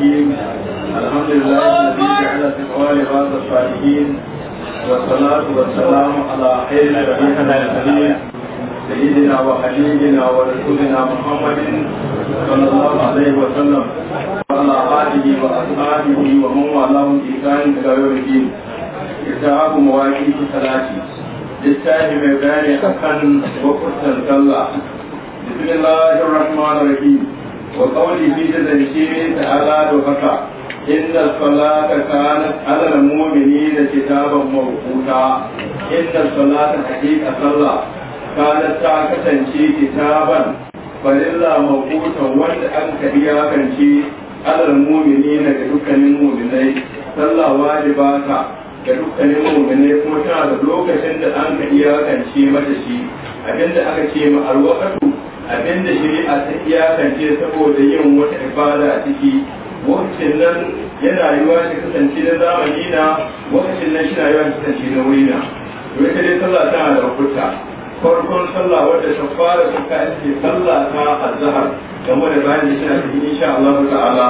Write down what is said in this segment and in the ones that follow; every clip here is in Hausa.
الرحيم الحمد لله الذي جعل في الأول بعض الصالحين والصلاة والسلام على خير نبينا الحبيب سيدنا وحبيبنا ورسولنا محمد صلى الله عليه وسلم وعلى آله وأصحابه ومن والاهم بإحسان إلى يوم الدين إرتعاب مواقيت الصلاة للشاهد ميدان حقا وقصة الله بسم الله الرحمن الرحيم وقوله جزنشي تعالى وفقا إن الصلاة كانت على المؤمنين كتابا موقوتا إن الصلاة حقيقة صلى كانت تعكسنشي كتابا فلله موقوتا وأنت أنك إياكنشي على المؤمنين كدكا للمؤمنين صلى واجباتا ga dukkanin mummune kuma tana da lokacin da an ka iyakance mata shi abinda aka ce ma alwaqatu abinda shari'a ta iyakance saboda yin wata ibada a ciki wakacin nan yana yiwuwa shi kasance na zamani na wakacin nan shi na yiwuwa shi kasance na wuri na to ita dai sallah ta da hukunta farkon sallah wadda ta fara ka ake sallah ta azhar game da bayan da shi na cikin insha Allah ta'ala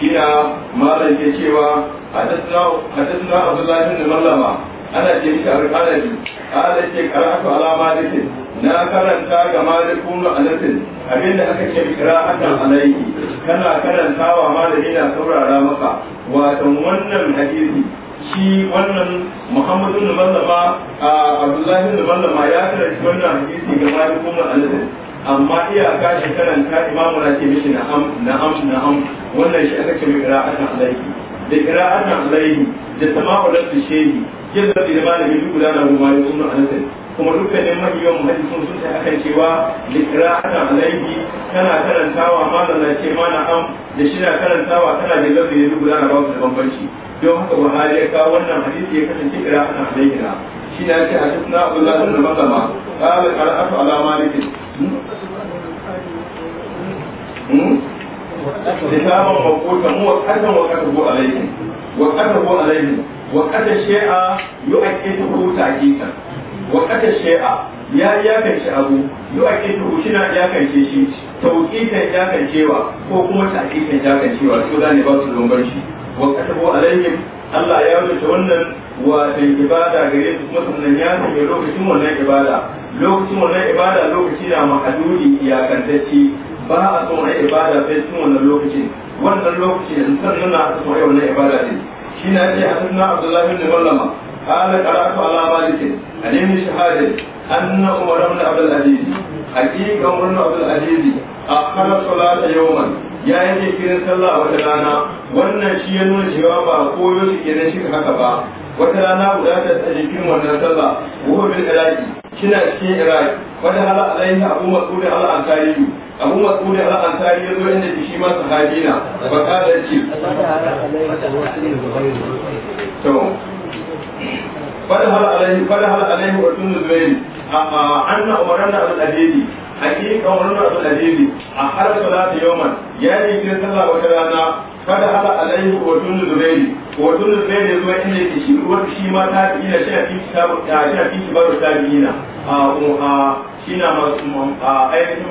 shi na malam ke cewa a حدثنا abdullahi الله mallama ana ce kar alabi ala ce karatu ala malikin na karanta ga malikun anasin abinda aka ce kira'atan alayhi kana karanta wa malami na saurara maka wato wannan hadisi shi wannan muhammadu da mallama a abdullahi da mallama ya karanta wannan hadisi ga malikun anasin amma iyaka shi karanta imamu na ce mishi na'am na'am na'am wannan shi aka ce kira'atan alayhi da kira kira'atan alayhi da sama'u lafi shehi yadda da malamin duk guda da ruwa ya sunna anasai kuma dukkanin mahiyan muhaddisun sun sai akan cewa liqra'ata alaihi tana karantawa malam na ce mana am da shi na karantawa tana da lafi ne duk guda da babu bambanci don haka Buhari ya kawo wannan hadisi ya kasance kira qira'atan alaihi na shi na ce hadisna Abdullah ibn Masama qala qara'atu ala malik لسانا موقوتا موقتا وقته عليهم ko alaihi. وقد الشيء يؤكده تأكيدا وقد الشيء ya iyakance abu yu'aqidu shina iyakance shi tawqitan iyakancewa ko kuma ta'qitan iyakancewa to da ne ba su shi wa katabu alaihim Allah ya rubuta wannan wa da ibada gare su kuma sannan ya sanya lokacin wannan ibada lokacin wannan ibada lokaci na mahadudi iyakantacce ba a son ibada sai cikin wannan lokacin wannan lokacin sannan na son wannan ibada din shi na ce hannun abdullahi bin mallama kana karatu ala maliki alim shahadi anna umar bin abdul aziz hakika umar bin abdul aziz akhara salata yawman ya yi jikin sallah wata rana wannan shi ya nuna cewa ba ko yau shi kenan haka ba wata rana guda ta jikin wannan sallah ko bil iraki kina cikin iraq wata hala alaihi abu mas'ud an ansari abu mas'ud al-ansari yazo inda shi ma haji na ba ka da ce to hala fadhal alaihi hala alaihi wa tunu zubairi amma anna umarna abul adidi hakika umarna abul adidi a harar salatu yawman ya yi cikin sallah wata rana kada haka alaihi wa tunu zubairi wa tunu zubairi zuwa inda yake shi ruwa shi ma ta fi ina shi a fi shi ta fi ina masu aikin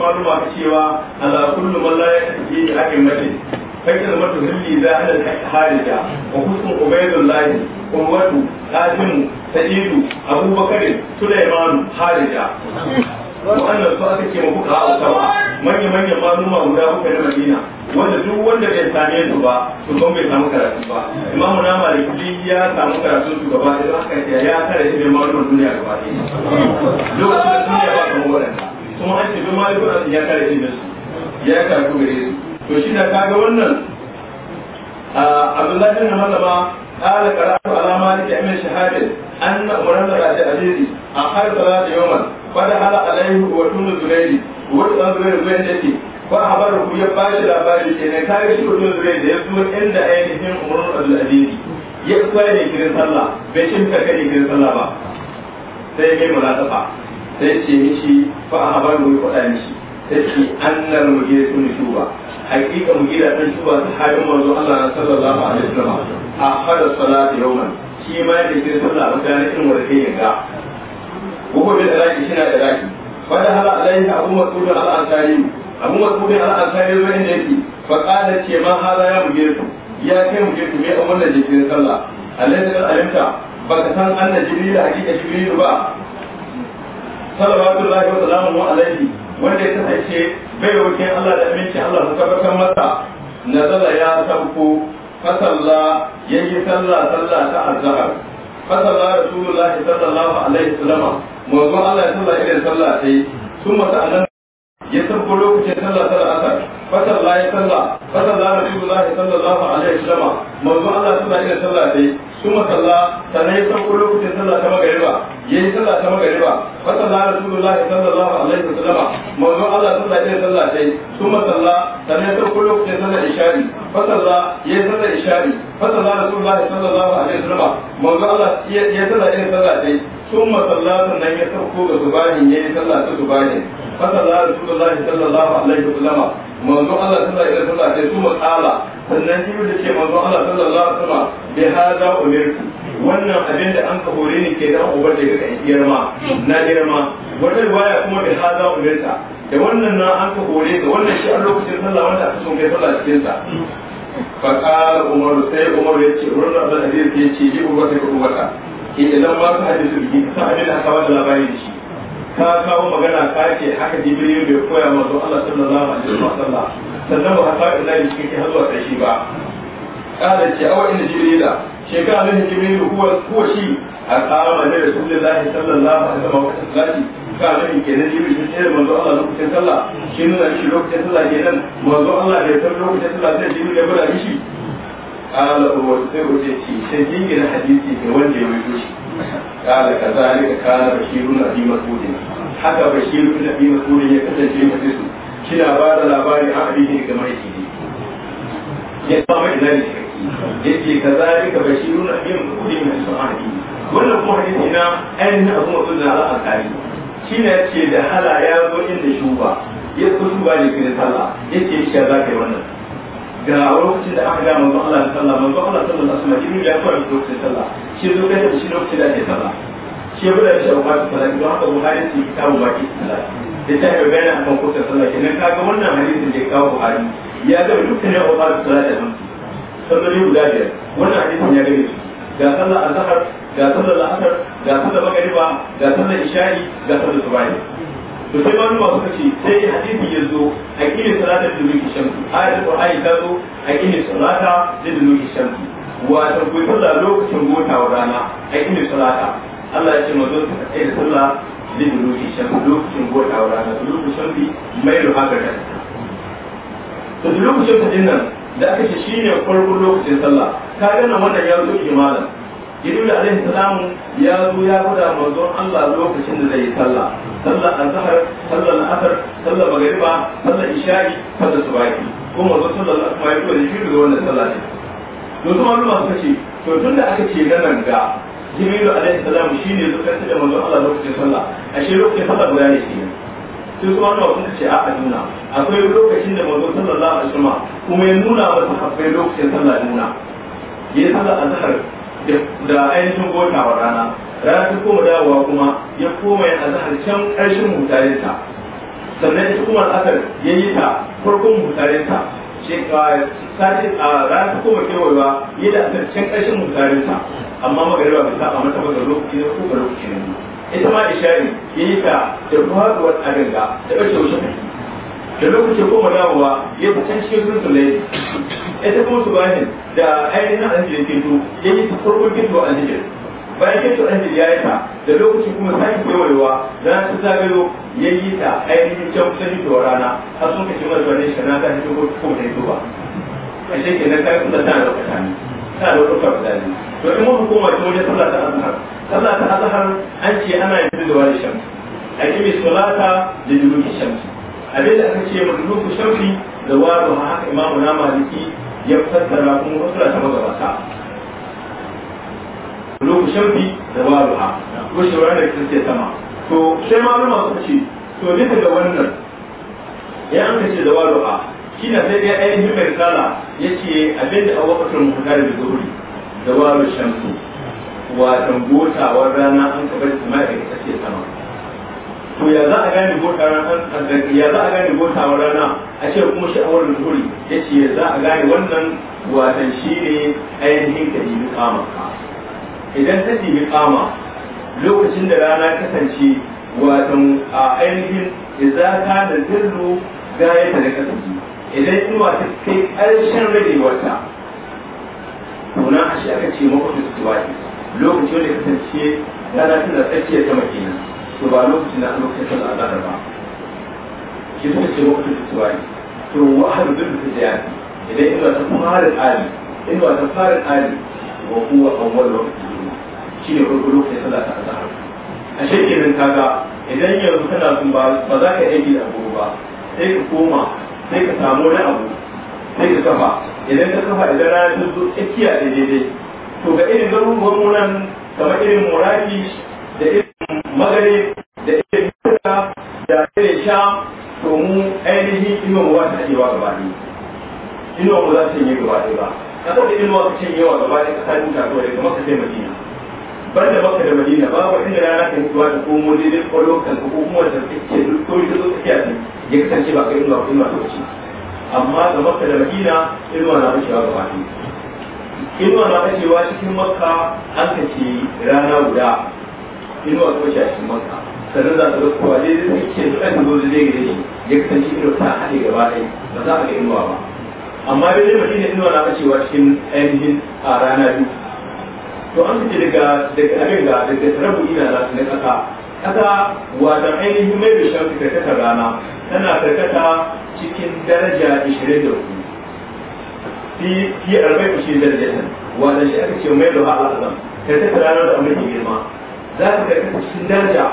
cewa ala kullum Allah ya fi shi ake mace فكلمة هلي لا أهل الحارجة وحسن عبيد الله قوة قاسم سعيد أبو بكر سليمان حارجة وأن su aka ce على fuka من يمن manya manyan maluma guda uku na Madina wanda duk wanda bai same su ba to don bai samu karatu ba imamu na maliki ya samu karatu su gaba da ya ya kare shi bai malumin duniya gaba ɗaya lokacin da duniya ba kamar waɗanda kuma an ce ya shi ya karatu gare su to shi da kaga wannan abdullahi bin hamada ma kala karatu ala umran da rashi a har da yawan bada hala alaihi wa tunu wa zai ku ya labari ne kai shi tunu ya zo inda ainihin umran da aziri ya kai ne kiran sallah bai kai kiran sallah ba sai sai ce mishi ku ya mishi take mu mujira tun shuba hakika mujira dan shuba sahabin manzo Allah na sallallahu alaihi wasallam a hada salati yawman shi ma da ke sallah mutane irin wanda ke yanga gobe bil iraki shi na da iraki wanda hala alaihi abu mas'ud al-ansari abu mas'ud al-ansari ne yake fa qala ce ma hada ya mu mujira ya kai mu mujira me amman da jikin sallah alaihi alimta ka san annabi jibril hakika jibril ba sallallahu alaihi wa sallam alaihi wanda ya kasance bai wakil Allah da aminci Allah su tabbatar masa nazala ya sauko fasalla ya yi sallah sallah ta azhar fasalla rasulullahi sallallahu alaihi wasallam manzo Allah ya sallah irin sallah sai sun mata anan ya tabbo lokacin salla ta asar fasalla ya salla fasalla rasulullahi sallallahu alaihi wasallam manzo Allah ya sallah irin sallah sai Suma masalla sanai ya sauko lokacin sallah ta magari ba ya yi sallah ta magari ba wata na rasulullah ya sallah lawa alaihi wa sallama mawazin allah sun zaɗe sallah ta yi su masalla sanai ya sauko lokacin sallah ishari fasalla ya yi sallah ishari fasalla rasulullah ya sallah lawa alaihi wa sallama mawazin allah ya sallah ɗaya sallah ta yi su masalla sannan ya sauko ga subahin ya yi sallah ta subahin فصلى رسول الله alaihi wa عليه وسلم Allah sallallahu alaihi wasallam sai su matsala sannan shi da ce manzon Allah sallallahu alaihi wasallam bi hada umirtu wannan abin da an ka hore ni ke dan ubar da ga girma na girma wannan baya kuma bi hada umirta da wannan na an ka hore ga wannan shi a lokacin sallah wanda aka son kai sallah cikin sa فقال عمر سي عمر يتي عمر بن ابي يتي جي عمر بن ابي idan ba ka hadisi bi ta abin da aka bada labari shi Ta kawo magana ka ce haka jibril bai koya manzo Allah sallallahu alaihi wasallam sannan ba haka ila yi kike har zuwa karshe ba kada ce awa inda jibrila shekara ne jibril huwa huwa shi a kama da rasulullahi sallallahu alaihi wasallam kada ne ke da jibril shi ne manzo Allah lokacin sallah shi ne shi lokacin sallah kenan manzo Allah bai san lokacin sallah sai jibril ya bada shi قال هو سيقول سيجيك الحديثي في وجه ويجوش قال كذلك كان بشير أبي مسعود حتى بشير بن أبي مسعود يكتب في مجلس كلا بعد لا بعد عبده كما يجي يسمع ذلك يجي كذلك بشير أبي مسعود من سعادي wannan kuma hadisi na ainihin abu mutum na al'akari shi ne ce da hala ya zo inda shuba ya so shuba ne fi da sallah ya ce shi ya za ka yi wannan ga lokacin da aka ga manzo Allah manzo Allah jibril ya fara lokacin sallah shi zo kai shi lokacin da sallah shi ya bada shi a sallah don haka Buhari baki sallah da ta bayani akan sallah kenan wannan hadisin da Buhari ya ga dukkan ya sallah da guda biyar wannan hadisin ya ga sallah azhar ga sallah ga sallah ga sallah isha'i ga sallah to sai wani masu kace sai hadisi ya zo a kini salata da duki shamsu ayatul qur'ani ta zo a kini salata da duki shamsu wato ku sallah lokacin wa rana a kini salata Allah ya ce mazo ta kai da sallah da duki shamsu lokacin wa rana duki shamsu mai ruha ga ta to lokacin ta dinnan da aka ce shine farkon lokacin sallah ka ga nan wannan ya zo malam. da alaihi salam ya zo ya gwada manzon Allah lokacin da zai yi sallah sallar azhar sallar asar sallar magriba ishari, isha'i su baki, ko manzon sallah alaihi wasallam ya gwada shi daga wannan sallah ne to kuma malama suka ce to tunda aka ce nan ga Jibril alaihi salam shine zuwa da manzon Allah lokacin sallah ashe lokacin sallah guda ne shi sai kuma wanda sun ce a aduna akwai lokacin da manzo sallallahu alaihi wasallam kuma ya nuna wa sahabbai lokacin sallah aduna yayin sallar azhar da ainihin gotawa rana rana ta koma dawowa kuma ya koma ya azahar can ƙarshen mutarinta sannan ita kuma al'asar ya yi ta farkon mutarinta sati a rana ta koma kewayewa ya da azahar can ƙarshen mutarinta amma magariba bai saba mata ba ga lokaci da kuma lokaci na biyu ita ma ishari ya yi ta da faɗuwar adanga, da ɓace wuce da lokacin koma dawowa ya fi can cikin zurfin laifi ita kuma subahin da ainihin alhijir ke to ya yi farko kinto alhijir bayan kinto alhijir ya yi ta da lokaci kuma sake kewayewa za su zagayo ya yi ta ainihin can kusan hitowa rana har sun kace mara zuwa ne na ta hito ko kuma ta hito ba a shi ke nan kayan kusan tana da kasani tana da kusa da dani to in mun koma ta wajen sallah ta azhar sallah ta azhar an ce ana yin da wani shamsu a kimi salata da duluki shan abin da aka ce ma duluki shamsi da wani haka imamu na maliki ya tattara kuma wasu da sama gabata lokacin bi da babu ha gushewar da kirce sama to sai malama suka ce to bisa ga wannan ya an kace da babu ha shi na sai dai ainihin mai risala ya ce abinda a wakatar muhtar da zuhuri da babu shamsu watan gotawar rana an kabar su mai da kirce sama to ya za a gane gota rana ya za a gane gota wa rana a ce kuma sha'awar nuhuri ya ce ya za a gane wannan watan shi ne ainihin ka ɗibi kama idan ka ɗibi kama lokacin da rana kasance watan a ainihin za idza kana dillu gaya ta da kasance idan inuwa ta kai ƙarshen rage to na a shi aka ce makwabta su lokacin da kasance rana tana tsakiyar sama kenan to ba lokacin da an lokacin al'adar ba shi suka ce lokacin da tuwari to wahar bin da jiya idan inuwa ta fara tsari in ba ta fara tsari wa kuwa awwal lokacin juma shi ne farko lokacin sallah ta azhar a shekarun kaga idan yanzu kana sun ba ba za ka aiki da abu ba sai ka koma sai ka samu wani abu sai ka kafa idan ka kafa idan rana ta zo tsakiya daidai to ga irin garuruwan mu nan kamar irin murafi da irin magari da ita da irin sha domin ainihin inuwa mu ba ta iya gaba ne inuwa mu za ta yi gaba ne ba ka da inuwa ka cinye wa gaba ne ka sa duka to daga maka sai madina ban da maka da madina babu inda rana da komo daidai kwallo kan ko kuma da ke ko ta zo tafiya ne ya kasance ba ka inuwa ko inuwa lokaci amma ga maka da madina inuwa na wucewa gaba ne inuwa na wucewa cikin maka an rana guda inuwa ko shi a cikin maka sannan za ta zo kowa dai zai ce su ɗan zo zai gare shi ya kasance inuwa ta haɗe gaba ɗaya ba za a ga inuwa ba amma dai dai mutum inuwa na ɓacewa cikin ainihin a rana biyu to an fice daga daga abin ga daga rabu ina na na ƙasa ƙasa wata ainihin mai da shafi karkatar rana tana karkata cikin daraja 24 fi fi arba'in shi darajatan wanda shi aka ce mai da ha'a karkatar ranar da amurka girma za ka karbi cikin daraja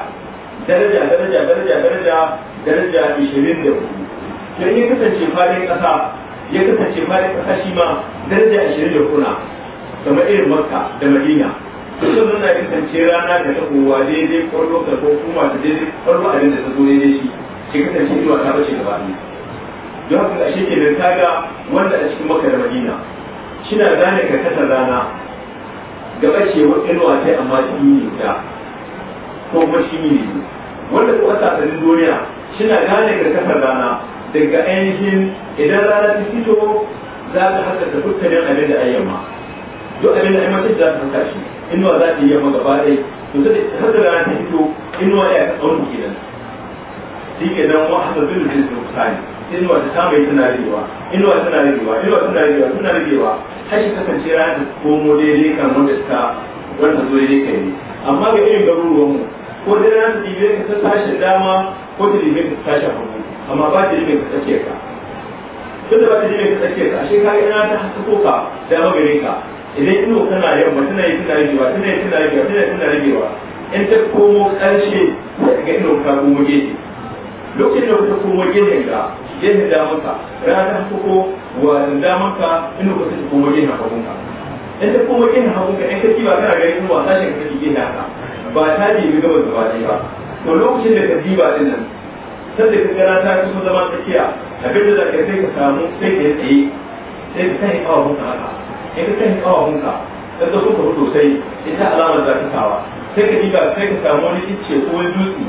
daraja daraja daraja daraja daraja ishirin da hudu idan ya kasance fadin ƙasa ya kasance fadin ƙasa shi ma daraja ishirin da kuna kamar irin makka da madina kusan na kasance rana da ta kowa daidai kwallo ka ko kuma ta daidai kwallo abin da ta zo daidai shi shi kasance zuwa ta bace gaba ne don haka ashe ke nan kaga wanda a cikin makka da madina shi na gane karkatar rana gaba ce wa inuwa sai amma cikin ne guda ko kuma shi ne wanda kuma sasanin duniya shina gane ga kasar rana daga ainihin idan rana ta fito za ta haskaka dukkanin abin da ayyama duk abin da ayyama ta za ta haska shi inuwa za ta yi yamma gaba ɗaya to ta haskaka rana ta fito inuwa ya ka tsawon kenan shi ke nan wa hasa da zuru zuru kusani inuwa ta kama yi tana rigewa inuwa tana rigewa inuwa tana rigewa tana rigewa har shi kasance rana ta komo daidai kan wanda ta wanda zo daidai kai ne amma ga irin garuruwanmu ko dai na ta dibe ka tashi tashin dama ko ta dibe ka tashi a hagu amma ba ta dibe ka tsakiyar ka duk da ba ta dibe ka tsakiyar ka ashe ka ina ta hasko ka dama gare ka idan ino tana yamma tana yi tana jiwa tana yi tana ragewa tana yi tana ragewa in ta komo karshe, sai ga ino ka komo gefe lokacin da ka komo gefen ka gefen damanka ta hasko wa damanka ino ka ta komo gefen kuma. in ta komo gefen hagunka in ka ci ba kana ganin wasa shi ka ci gefen ka ba ta nemi gaba da baje ba to lokacin da ka diba din nan sai da kankana ta kusa zama tsakiya abin da za sai ka samu sai ka yi tsaye sai ka yi kawo mun haka in ka kai mun ka dan da kuka fito sai ita alamar za ka kawa sai ka diba sai ka samu wani icce ko wani dutse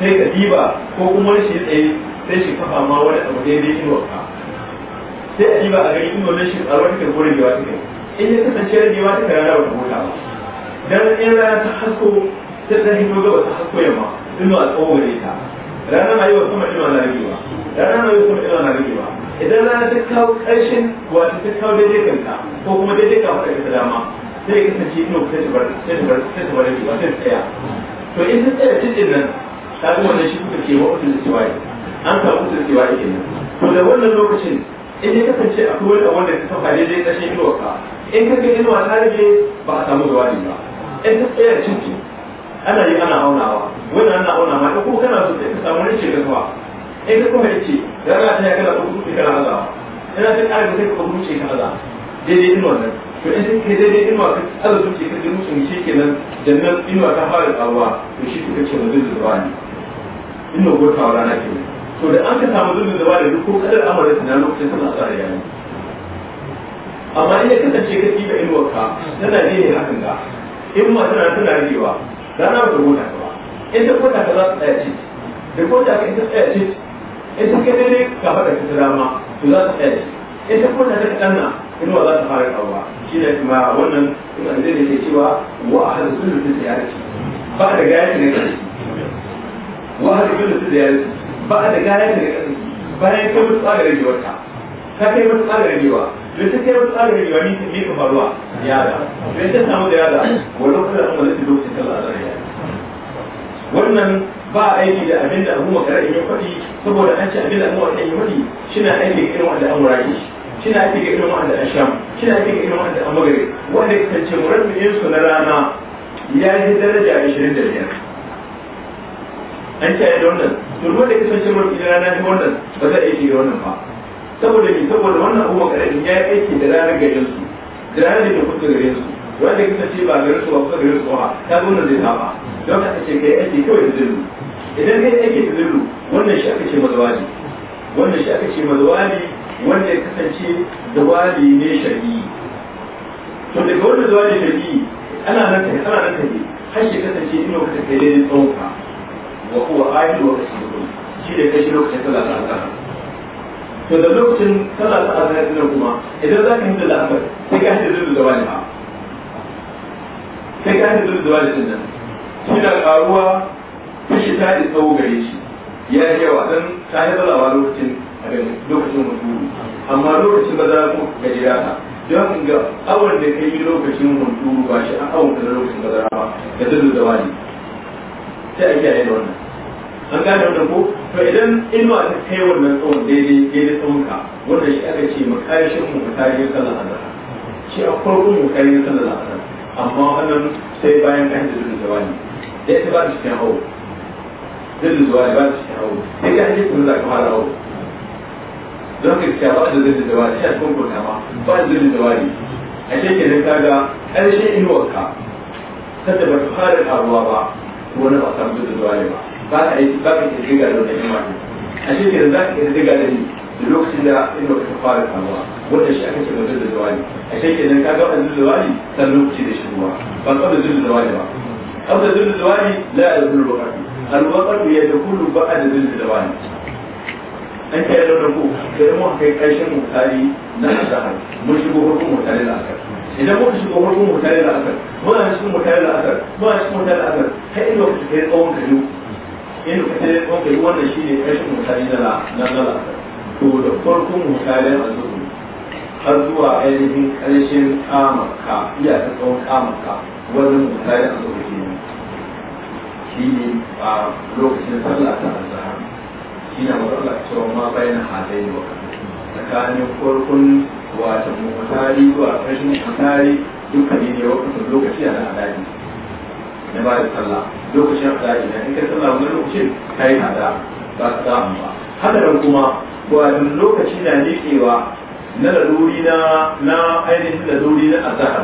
sai ka diba ko kuma wani shi tsaye sai shi kafa ma wani abu daidai inuwarka sai a diba a gani inuwar shi a wata kan gurin da wata kai in ya kasance da ta kan rana wata mota ba dan ta hasko hasko yamma gare ta na na idan rana ta kawo ƙarshen ta kawo daidai ko kuma daidai ta dama sai ka kasance ta ta to in tsaya nan wannan shi kuka ce wa usul kenan wannan lokacin in ya kasance akwai wanda wanda ka kafa daidai ƙarshen ka in ka ga inuwa ta rage ba a samu zuwa ba in ta tsaya cin cinci ana yi ana aunawa wannan ana auna ma ko kana so sai ka samu ne ce zuwa in ka kuma yace da Allah ta kana ko kuma kana Allah ina sai ka sai ka kuma ce kana Allah daidai inuwa nan to in sai daidai inuwa wannan ka Allah ce ka ji musu shi kenan nan inuwa ta fara tsawa to shi kuka ce mazin zuwa ne inna ko ta na ke to da an ka samu zulmi zuwa da duk ko kadar amara tana lokacin suna sa ya amma in ya kasance ka tiba inuwa ka tana ne hakan ka in ma tana tana rigewa rana ba ta gona ba in ta kwata ka za su tsaya ce da kwata ka in ta tsaya ce in ta kai daidai ka faɗa ka ta dama to za su tsaya ce in ta kwata ta kaɗan na in ma za su fara kawo shi ne ma wannan In ina zai da ke cewa wa a hada sun da ziyarci ba da gaya ta ne wa a hada sun da ziyarci ba da gaya ta ne bayan kai mutu tsaga ragewarta ka kai mutu tsaga ragewa da ta kai wata tsarin gari ta mika faruwa ya da ta samu da ya da wani kuma da wani lokacin sallah azhar ya wannan ba aiki da abin da abu makarar ya faɗi saboda an ce abin da abu makarar ya faɗi shi na aiki irin wanda an wurare shi na aiki ga irin wanda a sham kina ake ga irin wanda a magare wanda ya kasance murabbin su na rana ya yi daraja ashirin da biyar an ce da wannan to wanda ya kasance murabbin na rana ne wannan ba za a yi shi wannan ba saboda me saboda wannan umma kaɗan ya yi aiki da ranar garin su da ranar da kuka garin su wanda kuka ce ba garin su ba kuka garin su ba ta gona zai saba don haka ce kai aiki kawai da zillu idan kai aiki da zillu wannan shi aka ce mazawali wannan shi aka ce mazawali wanda ya kasance wali ne shari'i to daga wannan zawali shari'i ana nan ta ana nan ne har shi kasance ina kuka kai daidai tsawonka wa kuwa ayi wa kuma shi da kashe lokacin sallah ta azhar to da lokacin sallah ta azhar din kuma idan za ka yi da azhar sai ka hinda da zawali ba sai ka hinda da zawali din nan shi da karuwa kashi ta yi tsawo gare shi ya yi yawa dan ta yi zalawa lokacin abin lokacin hunturu amma lokacin ba za ku ga jira don ga awon da ka yi lokacin hunturu ba shi an awon da lokacin ba za ba da dudu zawali sai a yi da wannan an gane wannan ko to idan inuwa ta kai wannan tsawon daidai daidai tsawonka ka wanda shi aka ce makarishin mu mutarin sallar azhar shi a farkon mutarin sallar azhar amma wannan sai bayan kan da zuwa jawani da ita ba ta cikin hawo zai zuwa ba ta cikin hawo sai ka ji kun za fara hawo don ka cikin ba da zuwa jawani shi a cikin kurkama ba da zai jawani a shekarun kaga ƙarshen inuwarka ta da ba ta fara taruwa ba wani ba samu da jawani ba ba ka yi ba ka yi diga da wani imani a shi ke za ka yi diga da ni da lokacin da inda ka fara kamuwa wanda shi aka ce mutum da zawali a shi ke nan ka ga wani zawali ta lokaci da shigowa ba ka da zuwa zawali ba abu da zuwa zawali la ya zuwa lokaci alwakar ya da kullu ba a da zuwa zawali an kai da ku sai mu kai karshen mutari na asahar mun shigo hukun mutari da asahar idan muka shigo hukun mutari da asahar muna cikin mutari da asahar muna cikin mutari da asahar kai inda kai tsawon in ka sai wanda yi wannan shi ne ƙarshen misali na na nala to da farkon misalin azumi har zuwa ainihin ƙarshen kamaka iya ta tsawon kamaka wannan misalin azumi shi ne shi ne a lokacin sallah ta azhar shi na matsala cewa ma bayan halai ne tsakanin farkon wata mutari zuwa ƙarshen mutari dukkanin ne wakasar lokaci a na alaji na ba da sallah lokacin da ina in kai sallah wani lokacin kai na da ba ka samu ba haka kuma wani lokaci na nikewa na laluri na na ainihin laluri na azhar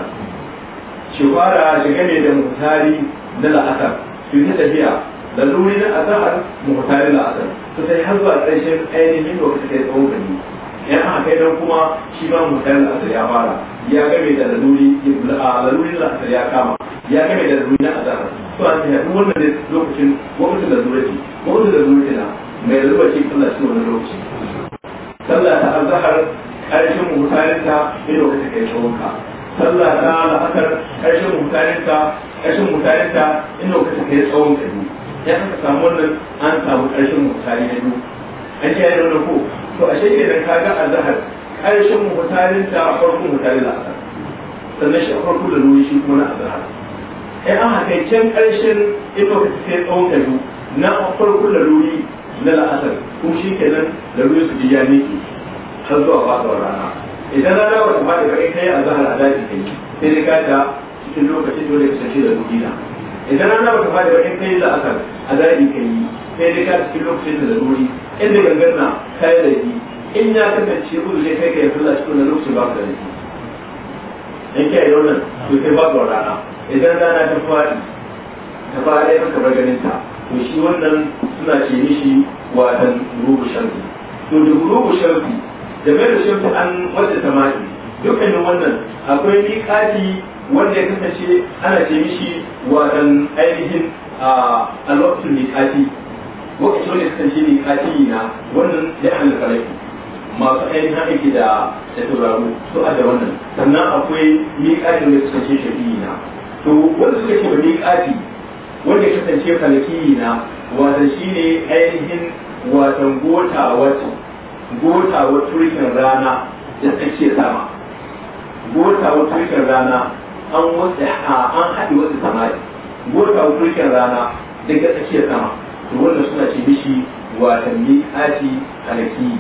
shi fara shiga ne da mutari na la'asar su ta tafiya laluri na azhar mutari la'asar su sai har zuwa ƙarshen ainihin lokacin da ya tsawo gani yan haka kai dan kuma shi ba mutari la'asar ya fara ya game da laluri laluri la'asar ya kama ya game da zuri na azaba to an ce duk wannan lokacin wani da zuri ce wani da zuri na mai zuba ce sallah shi wani lokaci sallah ta azhar ƙarshen mutanen ta ne lokacin kai tsohonka sallah ta la'asar ƙarshen mutanen ta karshen mutanen ta ne lokacin kai tsawon ka ya kasa samu wannan an samu ƙarshen mutanen na biyu an ce ya yi ko to a idan ka ga azhar karshen mutanen ta farkon mutanen la'asar sannan shi a farko da ruwan shi kuma na azhar in eh, an haka can ƙarshen ita ka sai tsawon kaju na farkon laruri na la'asar ko shi kenan laruri su biya ne har zuwa ba fasawar rana idan rana wata ba da kai kai zahar a daji kai sai dai kata cikin lokacin dole ka sace da ruhi na idan rana wata ba da kai kai la'asar a daji kai sai dai ka cikin lokacin da laruri inda gangarna kai da yi in ya kasance uzu zai kai ka yanzu a cikin lokacin ba ka da yi in kiyaye wannan to sai ba rana idan rana ta faɗi ta faɗi ya kaka ganin ta to shi wannan suna ce mishi watan rubu sharfi to da rubu sharfi da mai da sharfi an wata samani dukkanin wannan akwai miƙati wanda ya kasance ana ce mishi watan ainihin a alwaktun miƙati wakacin wanda ya kasance miƙati na wannan ya hannun falafi masu ainihin aiki da ta tauraro su a da wannan sannan akwai miƙatin da suka ce shafi na to wanda suke ce wani ƙafi wanda ya kasance falaki na wata shi ne ainihin watan gota wata gota wata turkin rana da tsakiyar sama gota wata turkin rana an wasu an haɗe wasu samari gota wata turkin rana daga tsakiyar sama to wanda suna ce mishi watan miƙati falaki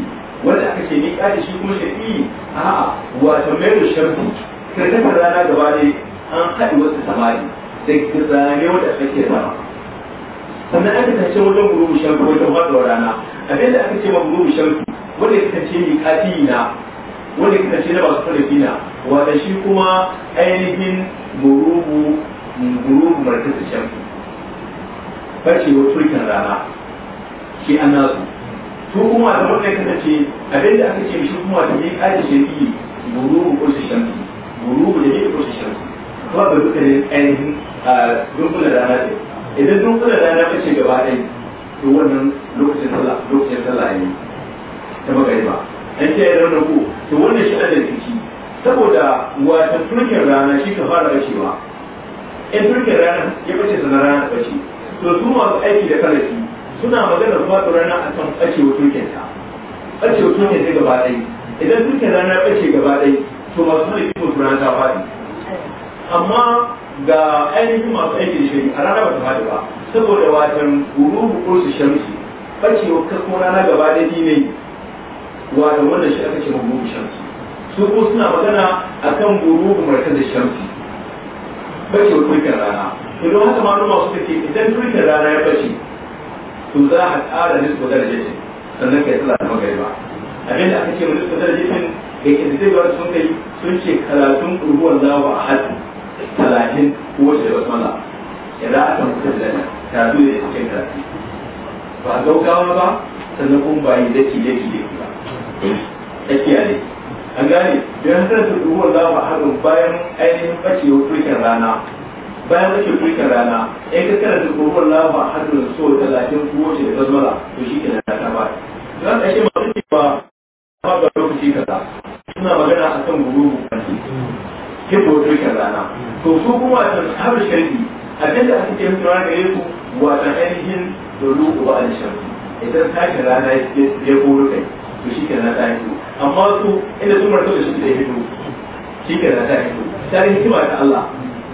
wanda aka ce miƙati shi kuma shafi a'a watan mai da shafi kirkata rana gaba ne an haɗe wasu samari da ke zane wanda ake zama sannan aka tace wajen gurubu shamfi wajen wata rana abin da aka ce ma gurubu shamfi wanda ya tace ni kati na wanda ya tace na masu farafi na wanda shi kuma ainihin gurubu gurubu martasa farce wa turkin rana shi an nasu to kuma da wanda ya tace abin da aka ce shi kuma da mai kati shafi gurubu kursu shamfi gurubu da mai kuma ba dukkanin ainihin dunkula rana ce idan dunkula rana ta ce gaba ɗaya to wannan lokacin sallah lokacin sallah ne ta magariba an ce ya rauna ku to wannan shi adal ciki saboda wata turkin rana shi ka fara bacewa in turkin rana ya bace sanar rana ta bace to su masu aiki da kalafi suna magana su fata rana a kan bacewa turkin ta bacewa turkin ta gaba ɗaya idan turkin rana bace gaba ɗaya to masu mulki ko rana ta faɗi amma ga ainihin masu aiki da shari'a rana ba ta faɗi ba saboda watan gurubu su shamsi bacewa kasko rana gaba da ne watan wannan shi aka ce gurubu shamsi su ko suna magana a kan akan gurubu da shamsi bacewa turkin rana to don haka masu ta ce idan turkin rana ya bace to za a ƙara nisba darajatin sannan kai tsara da magariba abin da aka ce mu nisba darajatin da ke da zai sun kai sun ce karatun kurhuwan zawa a hadu talatin ko wace da basmala idan aka mutu da ta zuwa da cikin karatu ba gaugawa ba sannan kuma ba yi daki daki daki ba tsakiya ne an gane don haka su duhuwar lama haɗu bayan ainihin bacewar turkin rana bayan bacewar turkin rana in ka karanta duhuwar haɗu da so talatin ko wace da basmala to shi ke da ta ba don haka shi masu cewa ba ga lokaci kaza suna magana kan gurubu kwanci ko kifo tushen rana to su kuma a can har shari'i a da ake mutu rana gare ku wata ainihin dolu uba a shari'i idan tashin rana ya koro kai to shi ke ta hito amma su inda sun martaba shi da hito shi ke ta hito ta yi hikima ta Allah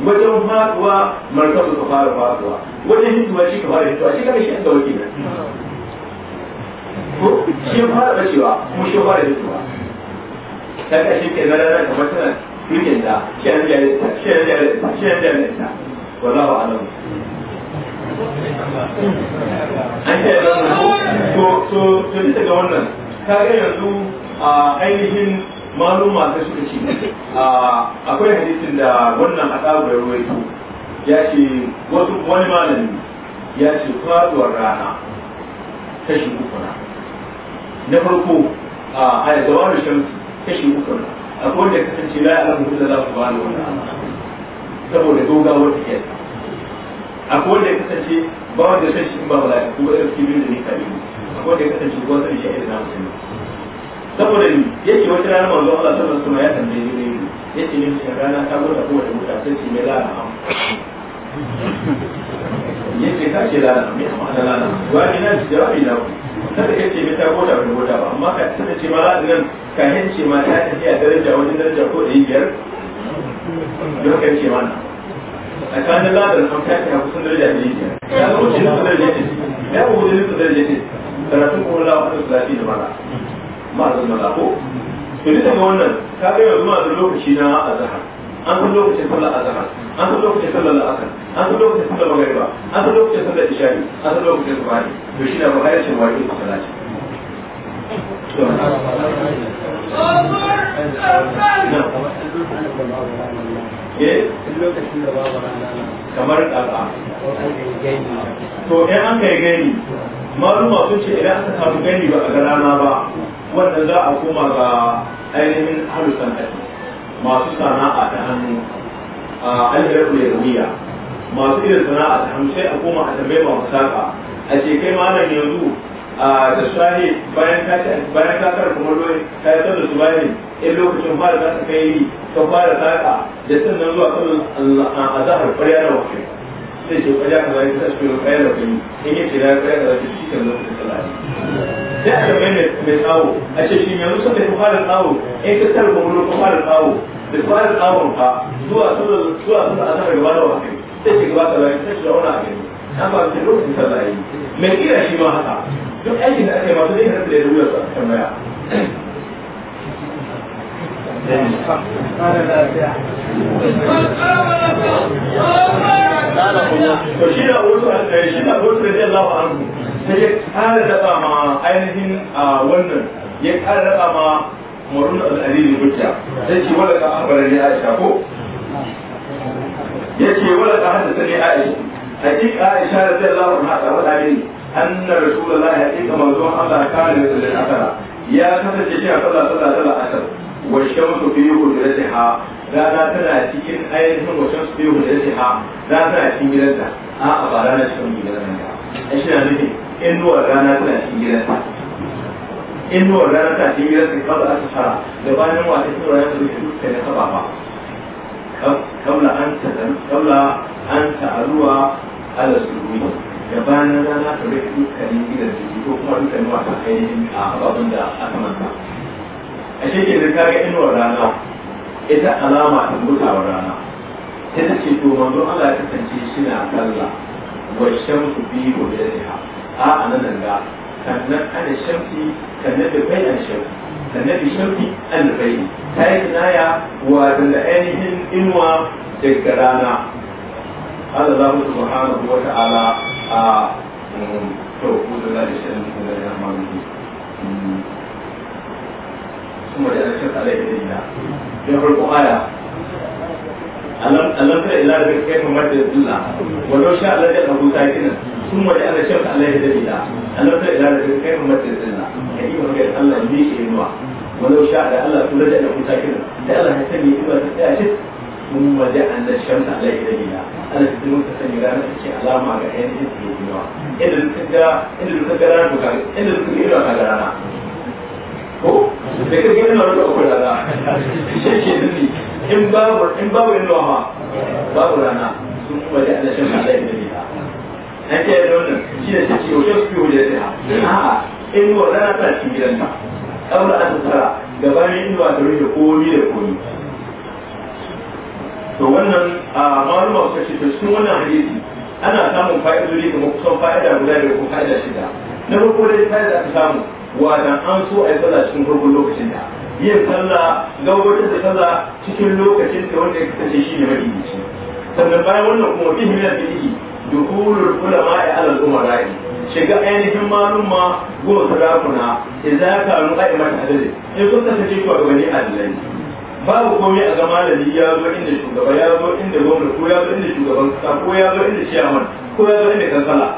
wajen faduwa martaba ka fara faduwa wajen hikima shi ka fara hitowa shi kare shi an da Ko shi fara bacewa kuma shi fara hitowa ta ga shi ke rana kamar tana dukin da shayar jarinta shayar jarinta shayar jarinta wallahu alam an ce da to to to bisa ga wannan ka yanzu a ainihin maluma ta suka ce akwai hadisin da wannan asabu ya ruwaito ya ce wasu wani malami ya ce faduwar rana kashi uku na farko a da shamsu kashi A da kasance la ya alamu illa Allah subhanahu wa ta'ala saboda dogawar da a akwai kasance ba wanda ya shi ba bala ko da shi bin da ni kai akwai da kasance ko da shi da namu sai saboda ni yake wata rana manzo Allah sallallahu alaihi wasallam ya tambaye ni yake ne shi rana ta gota ko da mutane sai mai la'a yake ta ce la'a mai amma la'a wani na jawabi na ku kada ka ce ta ko da wani mota ba amma ka tana ce ma nan ka hince ma ta tafiya daraja wajen daraja ko da biyar don ka ma na. a kanin ladar an ta ta kusan daraja ne biyar ya zo ce da daraja ne ya ko da daraja ne karatu ko lawa wa da zafi da mala ma zan mala ko to duka ga wannan ka ga yanzu ma da lokaci na azhar an san lokacin sallar azhar an san lokacin sallar asar an san lokacin sallar ba an san lokacin sallar shari an san lokacin subhani to shi na buhari ce mawaki ku salati eh? kamar ƙasa to in an kai gani maluma sun ce idan aka samu gani ba a ga rana ba wannan za a koma ga ainihin halussan masu sana'a ta hannu a alhirar wuya masu irin sana'a hamsin a koma a tambaye ba musaka a ce kai malam yanzu a da shahi bayan ka bayan ka kar kuma dole ta yi su bayani in lokacin fara za ta kai ni ka fara saka da nan zuwa a azhar ƙarya na wasu sai ce ƙarya ka zai ta shi ƙarya da kai in yace na ƙarya da kai shi kan lokacin sallah sai a tambaye ne mai tsawo a ce shi yanzu sai ka fara tsawo in ka tsara kuma ka fara tsawo da fara tsawon ka zuwa sallar zuwa sallar azhar gaba da wasu sai ce gaba sallah sai shi zauna a gani an ba ce lokacin sallah mai kira shi ma haka duk aikin da ake masu zai da da wuyar sa tambaya to shi da wasu eh, shi da wasu da Allah anhu sai ya kara daba ma ainihin wannan ya kara daba ma marun al hujja sai ce wala ka a aisha ko yace wala ka hadda sani Aisha hakika Aisha radiyallahu anha ta faɗa mini anna rasulullahi hakika manzo Allah kana da sallar asara ya kasance shi a sallar sallar sallar asar wa shamsu fi ha rana tana cikin ainihin wa shamsu fi ha rana tana cikin gidanta a'a ba rana cikin gidanta a shi na nufin inuwar rana tana cikin gidanta inuwar rana tana cikin gidanta kaza a tsara da bayan wa inuwar rana tana cikin gidanta ne kaba ba قبل أن قبل أن تعلو على السلوك gabanin rana ka rike dukkanin gidan jiki ko kuma dukkanin wata ainihin a ababen da aka manta a shekin da kaga inuwar rana ita alama ta mutawar rana ta ta ce to manzo Allah ya kasance shi na kalla wa shamsu bi ko da ha a anan da kannan ana shamsi kannan da bai an shamsi sannan bi shafi alfaini ta yi tunaya wa da ainihin inuwa daga rana Allah za mu subhanahu wa ta'ala a to ku da za da shi da ya mamaki kuma da alaihi da ila ya farko aya alam alam tara ila da kai kamar da dulla walau sha Allah da abu sakinan sun wani Allah shi Allah ya dalila alam tara ila da kai kamar da dulla kai ba ga Allah ne ke nuwa walau sha da Allah kula da abu sakinan da Allah ya sani in ba ta tsaya shi mun waje Allah shi Allah ya dalila Allah ya mun ka sani ranar ce alama ga ainihin ke nuwa inda duka ga inda duka ga ranar duka inda duka ga ranar ko da kake ganin ko da uku da shi ke dalili in babu in babu yin ma babu rana sun kuma da Allah shi ma da yake na ke da wannan shi da take yau su yau da ta a in nuna rana ta ci gidan ta kaula an tsara gabanin ba ta rufe komi da komi to wannan a malama suka ce cikin wannan hadisi ana samun fa'idodi da kusan fa'ida guda da kuma fa'ida shida na farko dai fa'ida aka samu wa dan an so a yi sallah cikin farkon lokacin da yin sallah gabatar da sallah cikin lokacin da wanda ya kasance shi ne madidici sannan bayan wannan kuma bihi min al-bidi dukulul ulama ala al-umara shiga ainihin ma go sarakuna idza kanu qa'imatan adalin in kun kasance shugabanni adalai babu komai a ga malami ya zo inda shugaba ya zo inda gwamna ko ya zo inda shugaban kasa ko ya zo inda ciyaman ko ya zo inda kansala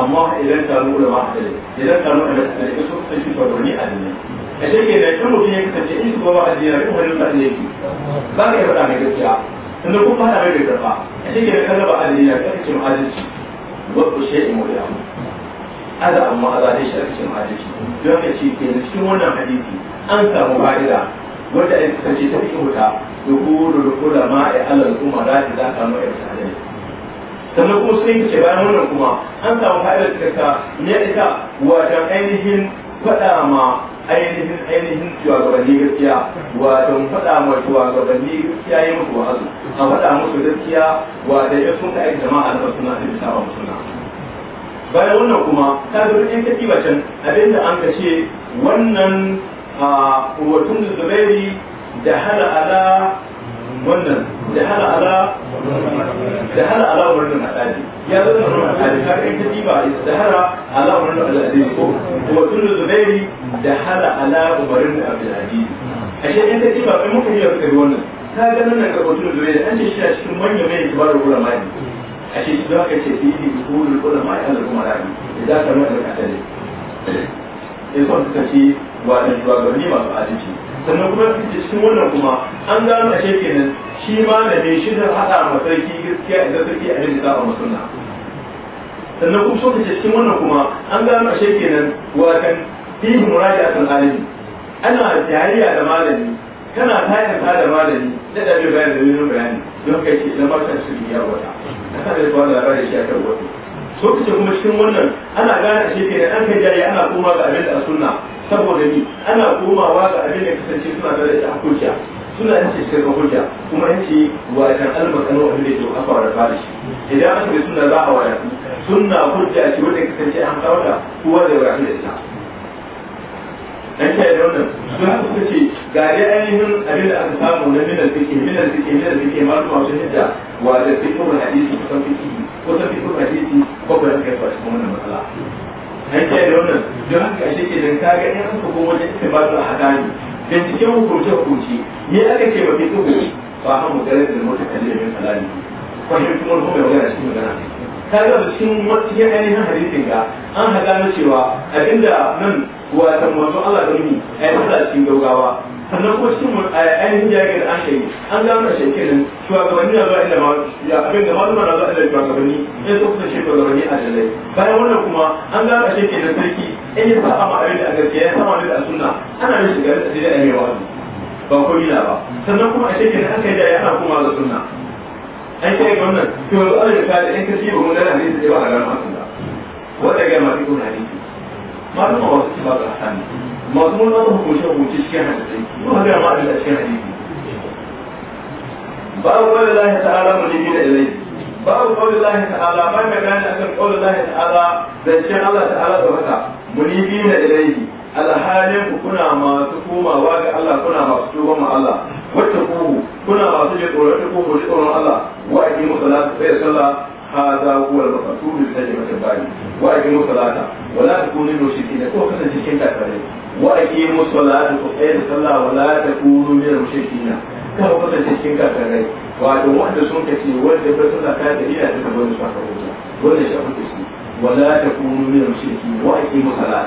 amma idan kanu ulama adalai idan kanu ulama adalai in kun kasance shugabanni adalai a ke da kan mutum ya kasance in kuma ba a jiya da kuma rinsa ne ki ba ka yi faɗa mai gaskiya inda kuma hana mai bai karɓa a shirke da kan ba a jiya da kake mu adalci wasu shi'in mu da ada amma a shi a cikin hadisi don ka ce ke cikin wannan hadisi an samu fa'ida wanda ya kasance ta fi wuta da kuro da kula da a alal kuma za ta za ka mai sadai sannan kuma sun ce bayan wannan kuma an samu fa'ida ta kasa ne ita wajen ainihin faɗa ma ainihin ainihin shugabanni gaskiya wato faɗa ma shugabanni gaskiya yi musu wa'azu. a faɗa musu gaskiya wa da ya sun ka aiki jama'a da suna da bisa ba suna bayan wannan kuma ta zo in ka tiba can abinda an ka wannan a watun da zubairi da hana ala wannan da hala ala da hala ala wurin hadari ya zama wurin hadari ka kai ta diba da hala ala wurin al'adili ko kuma tun da zubairi da hala ala wurin abdulaziz ashe in ka diba kai muka yi kai wannan ta ga nan ka tun da zubairi an ce shi a cikin manyan mai kibar ulama ne ashe shi da ka ce fi ulul ulama ya al-kumara idan ka nuna al'adili sai kuma suka ce wato shugabanni masu adalci sannan kuma suke cikin wannan kuma an gano ashe nan shi ma da mai shi da haɗa ma sarki gaskiya idan sarki a yin zaɓa masunna sannan kuma sun ce cikin wannan kuma an gano a ashe nan watan fihi muraji kan alimi ana jariya da malami kana tayin ta da malami da ɗabi bayan da wani bayani don kai shi idan ba ta shirya wata na kan da ba da shi a kan wata so kuma cikin wannan ana gane shi ke an kai jari ana koma ga abin da sunna saboda ni ana komawa ga abin da kasance suna da shi hukunci suna yin shi cikin hujja kuma yin shi wa kan almakanu abin da ke kafa da fara shi idan aka yi sunna za a waya sunna hujja ce wanda kasance an kawo da kowa da ya da ita an ta da wannan to haka suka ce ga dai ainihin abin da aka samu na minal fiqh min fiqh minal fiqh ma su masu hidda wa da fiqhul hadisi ko fiqh ko fiqhul hadisi ko ba kai ba cikin wannan matsala an ta da wannan don haka ashe ke dan kaga in an ko wajen istibadu hadani dan cikin hukunce hukunci me aka ce ba fiqh fa hamu garin da mutakallimin halali ko shi kuma ko ba ga cikin magana kaga cikin cikin ainihin hadisin ga an haɗa cewa abinda nan wata mutum Allah da ni a yi fasa cikin gaugawa sannan kuma cikin eh, ainihin ya yi an shayi an gano a shekirin shugabanni na zuwa inda ma ya abin da maluma na zuwa inda shugabanni in su kusa shugabanni a jalai bayan wannan kuma an gano a shekirin sarki in yi sa'a a abin da a gaskiya ya sama da a sunna ana da shiga da tsiri a yi wa ba ko yi ba sannan kuma a shekirin an kai da ya ana kuma da sunna an kai wannan to Allah ya kada in ka ba mun da hadisi da ba a gano a sunna wanda ga ma cikin hadisi malama wa su ba a sani masu mun zama hukunce hukunce cikin hadisai ko haka ma a cikin hadisi babu kawai lahi ta'ala mu libi da ilai babu kawai lahi ta'ala ba ka gane akan kawai ta'ala da cikin Allah ta'ala da haka mu libi da ilai alhalin ku kuna masu komawa ga Allah kuna masu tuba ma Allah wata ku kuna masu je tsoron ku tsoron Allah هذا هو المقصود بكلمة الباري وأقيموا الصلاة ولا تكونوا من المشركين كو كسن جكين كافرين وأقيموا الصلاة وقيموا الصلاة ولا تكونوا من المشركين كو كسن جكين كافرين وأقيموا واحد سنة كتير وأقيموا الصلاة كافرين إلى أن تكونوا شاكرين ولا شاكرين ولا تكونوا من المشركين وأقيموا الصلاة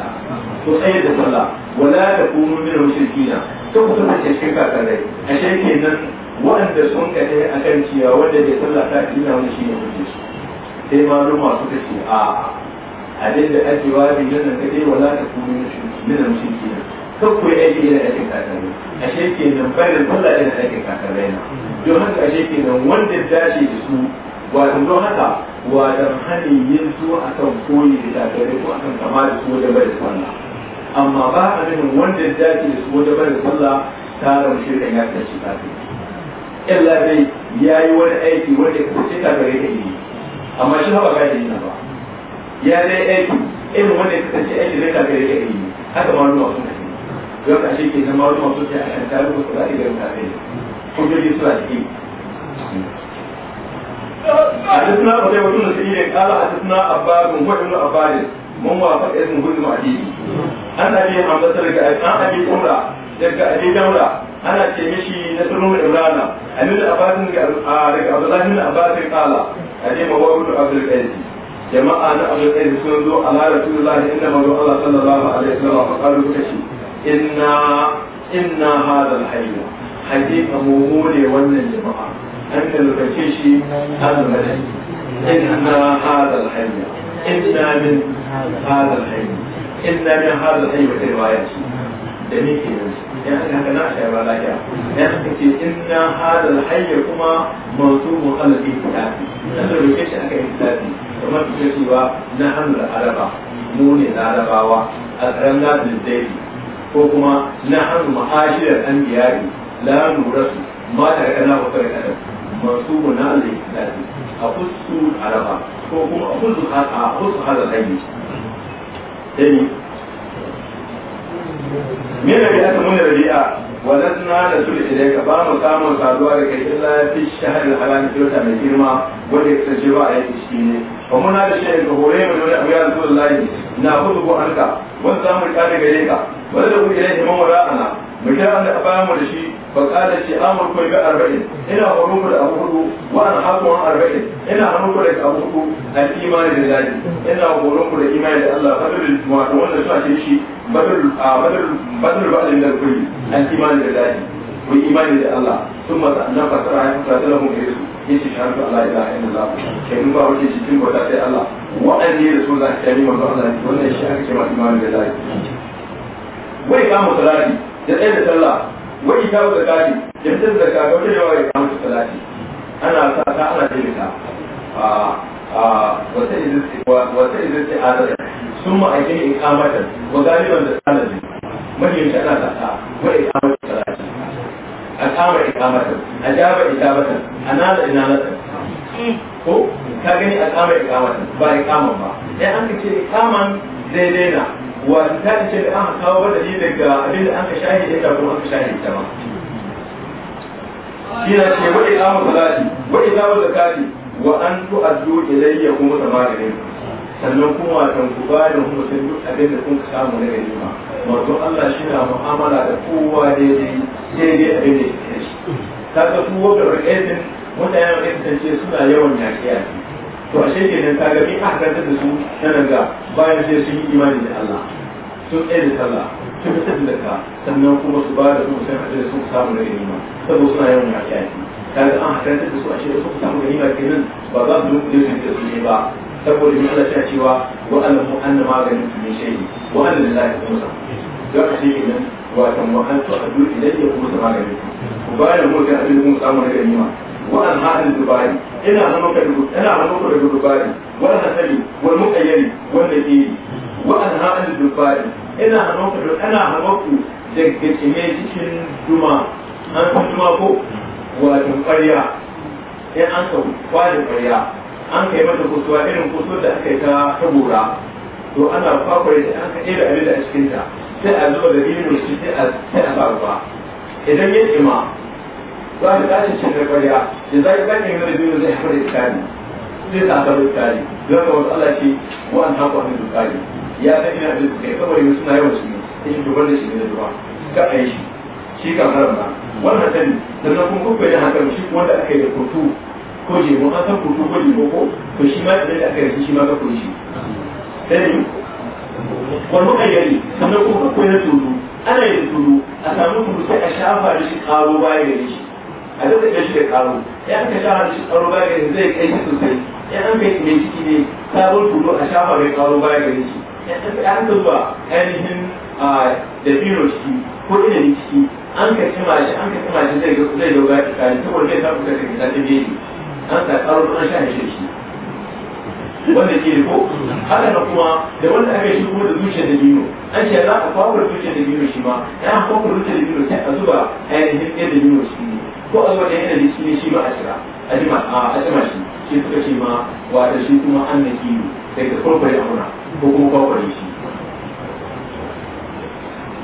وقيموا الصلاة ولا تكونوا من المشركين كو كسن جكين كافرين أشياء كنا وأن سنة كتير أكن كيا وأن يصلى كافرين وأن يشيل sai maluma suka ce a abin da ake wabi nan nan kadai wala ta kuma nuna shirki nan kan ku yi aiki yana aikin kakarai a shirki nan bayan sallah yana aikin kakarai na don haka a shirki nan wanda dace da su wato don haka wato hani yin su akan koyi da kakarai ko akan kama da su wajen bada sallah amma ba a nuna wanda dace da su wajen bada sallah tarin shirkan ya kasance kafin illa dai ya yi wani aiki wanda ya kasance kakarai da ne amma shi haɓa gaji nan ba ya dai aiki irin wanda ya kasance aiki zai kafa da kai haka ma sun kasance don a shi ke na sun ke a kan tarin wasu da mutane hujjoji suna ciki حدثنا قتيبة بن سعيد قال حدثنا عباد هو ابن daga ana ce mishi na sunan imrana amin da abu kala kalima wa ibn abdul qais jama'a na abdul qais sun zo ala rasulullahi inna ma Allah sallallahu alaihi wasallam fa qalu kashi inna inna hadha al-hayy hakika mu ne wannan jama'a an da lokace shi hadal hayy inna hadal hayy inna min hadal hayy inna min hadal hayy wa riwayat da nake nan ya aka haka na shayarwa lafiya ya aka ce inna hadal hayya kuma mawsumun ala ikhtiyari dan da rubuce shi aka ikhtiyari kamar su cewa na hannun araba mu ne larabawa alƙaramna bildaidi ko kuma na hannun ma'ashirar an biyari la nurasu ma tare kana da kare kana mawsumun ala ikhtiyari a kusu araba ko kuma a kusu hada a min rabi'a mun rabi'a walan da su da ka ba mu saduwa da kai illa fi shahar halal kyauta mai girma wanda ya kasance ba a yi ciki ne muna da shi ga hore mu da na hudu ko anka yaka da kuke yin mu kira an da mu da shi fa kada ce amur ko ga 40 ina horo mu da abu hudu wa an da abu hudu al imani da a shi badar ah, badar badar ba'da min kulli an imani da lahi wa imani da Allah thumma anna fasara ya fasara lahum irisu yace shahadu Allah ilaha illallah kai ba wace cikin bauta sai Allah wa'anni rasulullah kai ba Allah wannan shi aka ce ma imani da lahi wa iqamu salati da tsayin da sallah wa itawu zakati da fitar wata wajen yawa iqamu salati ana sa ta ana jirka a ah, a ah, wata izinci wata izinci adalci sun ma'aikin in kamata wa galiban da tsanani mahimmanci ana tsaka wa ikamata salati a kama kamata a jaba kamata a nada inanata ko ka gani a kama kamata ba kama ba dan an ce kama daidai na wa ta ce da an kawo wadali daga abin da an ka shahi da kuma an ka shahi da ma kina ce wa kama salati wa ikamata zakati wa an tu'addu ilayya kuma samarin sannan kuma watan ku ba da kuma mutum duk abin da kun samu na ma wato Allah shi na mu'amala da kowa daidai daidai abin da yake shi kaga ku wata rikaidin wanda ya rikaidance suna yawan yaƙiya to a shege nan kaga a aka da su nan ga bayan sai sun yi imani da Allah sun tsaye da sallah sun fitar da ka sannan kuma su ba da mutum abin da sun samu na ma saboda suna yawan ta ga an hakan da su a shege sun samu ganima kenan ba za su lokacin da su ne ba saboda ni Allah ta cewa wa mu anna maganin su min shay'in wa anna lillahi musa don a shi nan wato wa an tu'addu ilayya kuma da maganin ku ba da mulkin abin mun samu na ganima wa an hadin dubari ina hannunka da ina hannunka da dubari wal hasali wal muqayyari wal nadiri wa an hadin dubari ina hannunka da ina hannunku daga cime cikin duma an san duma ko wato ƙarya in an ka kwalin ƙarya an kai mata kusurwa irin kusuwar da aka yi ta tabura to ana kwakwari da an kaɗe da abin da a cikin ta sai a zuba da dinin shi sai a sa ruwa idan ya tsima za ta tashi cikin da kwarya da za ka gane mai dinin zai haifar da iskari zai ta haifar da iskari don ka wasu Allah ce wa an haƙo an da ya san ina da kai saboda yau suna yawan su ne shi dubar da shi ne da ruwa ka a yi shi shi kan haramta wannan sani sannan kuma kuma yi hankali shi wanda aka yi da kotu ko jebo an san kutu ko jebo ko to shi ma idan da aka yi shi ma ka kuri shi sai wani muka yari sannan kuma akwai na tulu ana yin tulu a samu tulu sai a shafa da shi karo baya da shi a da da shi da karo ya aka shafa da shi karo baya da zai kai shi sosai ya an kai mai ciki ne sabon tulu a shafa mai karo baya da shi ya an zuba ainihin da biro ciki ko ina ciki an ka cima shi an ka cima shi zai ga zai ga ga tsakani saboda zai samu ka ke ta bebe an ka karo an sha shi shi wanda ke ko haka na kuma da wanda aka shi kuma da zuciya da an ce za a kwawo da zuciya da bino shi ma ya kwawo da zuciya da bino sai a zuba ainihin ɗaya da bino shi ne ko a zuba ɗaya da shi ne shi ma a shira a jima a tsima shi shi suka ce ma wata shi kuma an na kiwo daga kwakwari amuna ko kuma kwakwari shi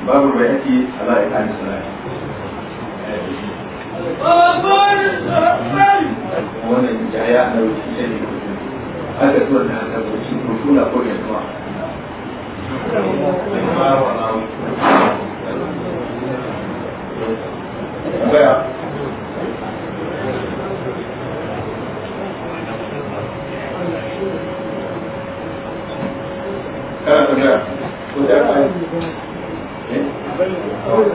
babu bayati ala ikani salati wannan jaya na wuce ne haka zuwa da haka wuce ko suna ko da Kana Ko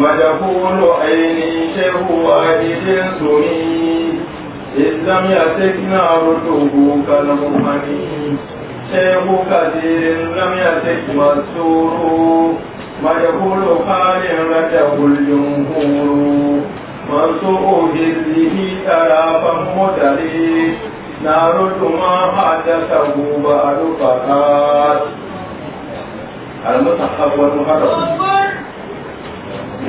مجهول عيني شيخ واحد سني إذ لم يسكن عرضه كالمؤمن شيخ كثير لم يسك مسور مجهول خال رجه الجمهور منصوب به أرافا مدري نارد ما حدثه بعد فقط المصحف والمحرم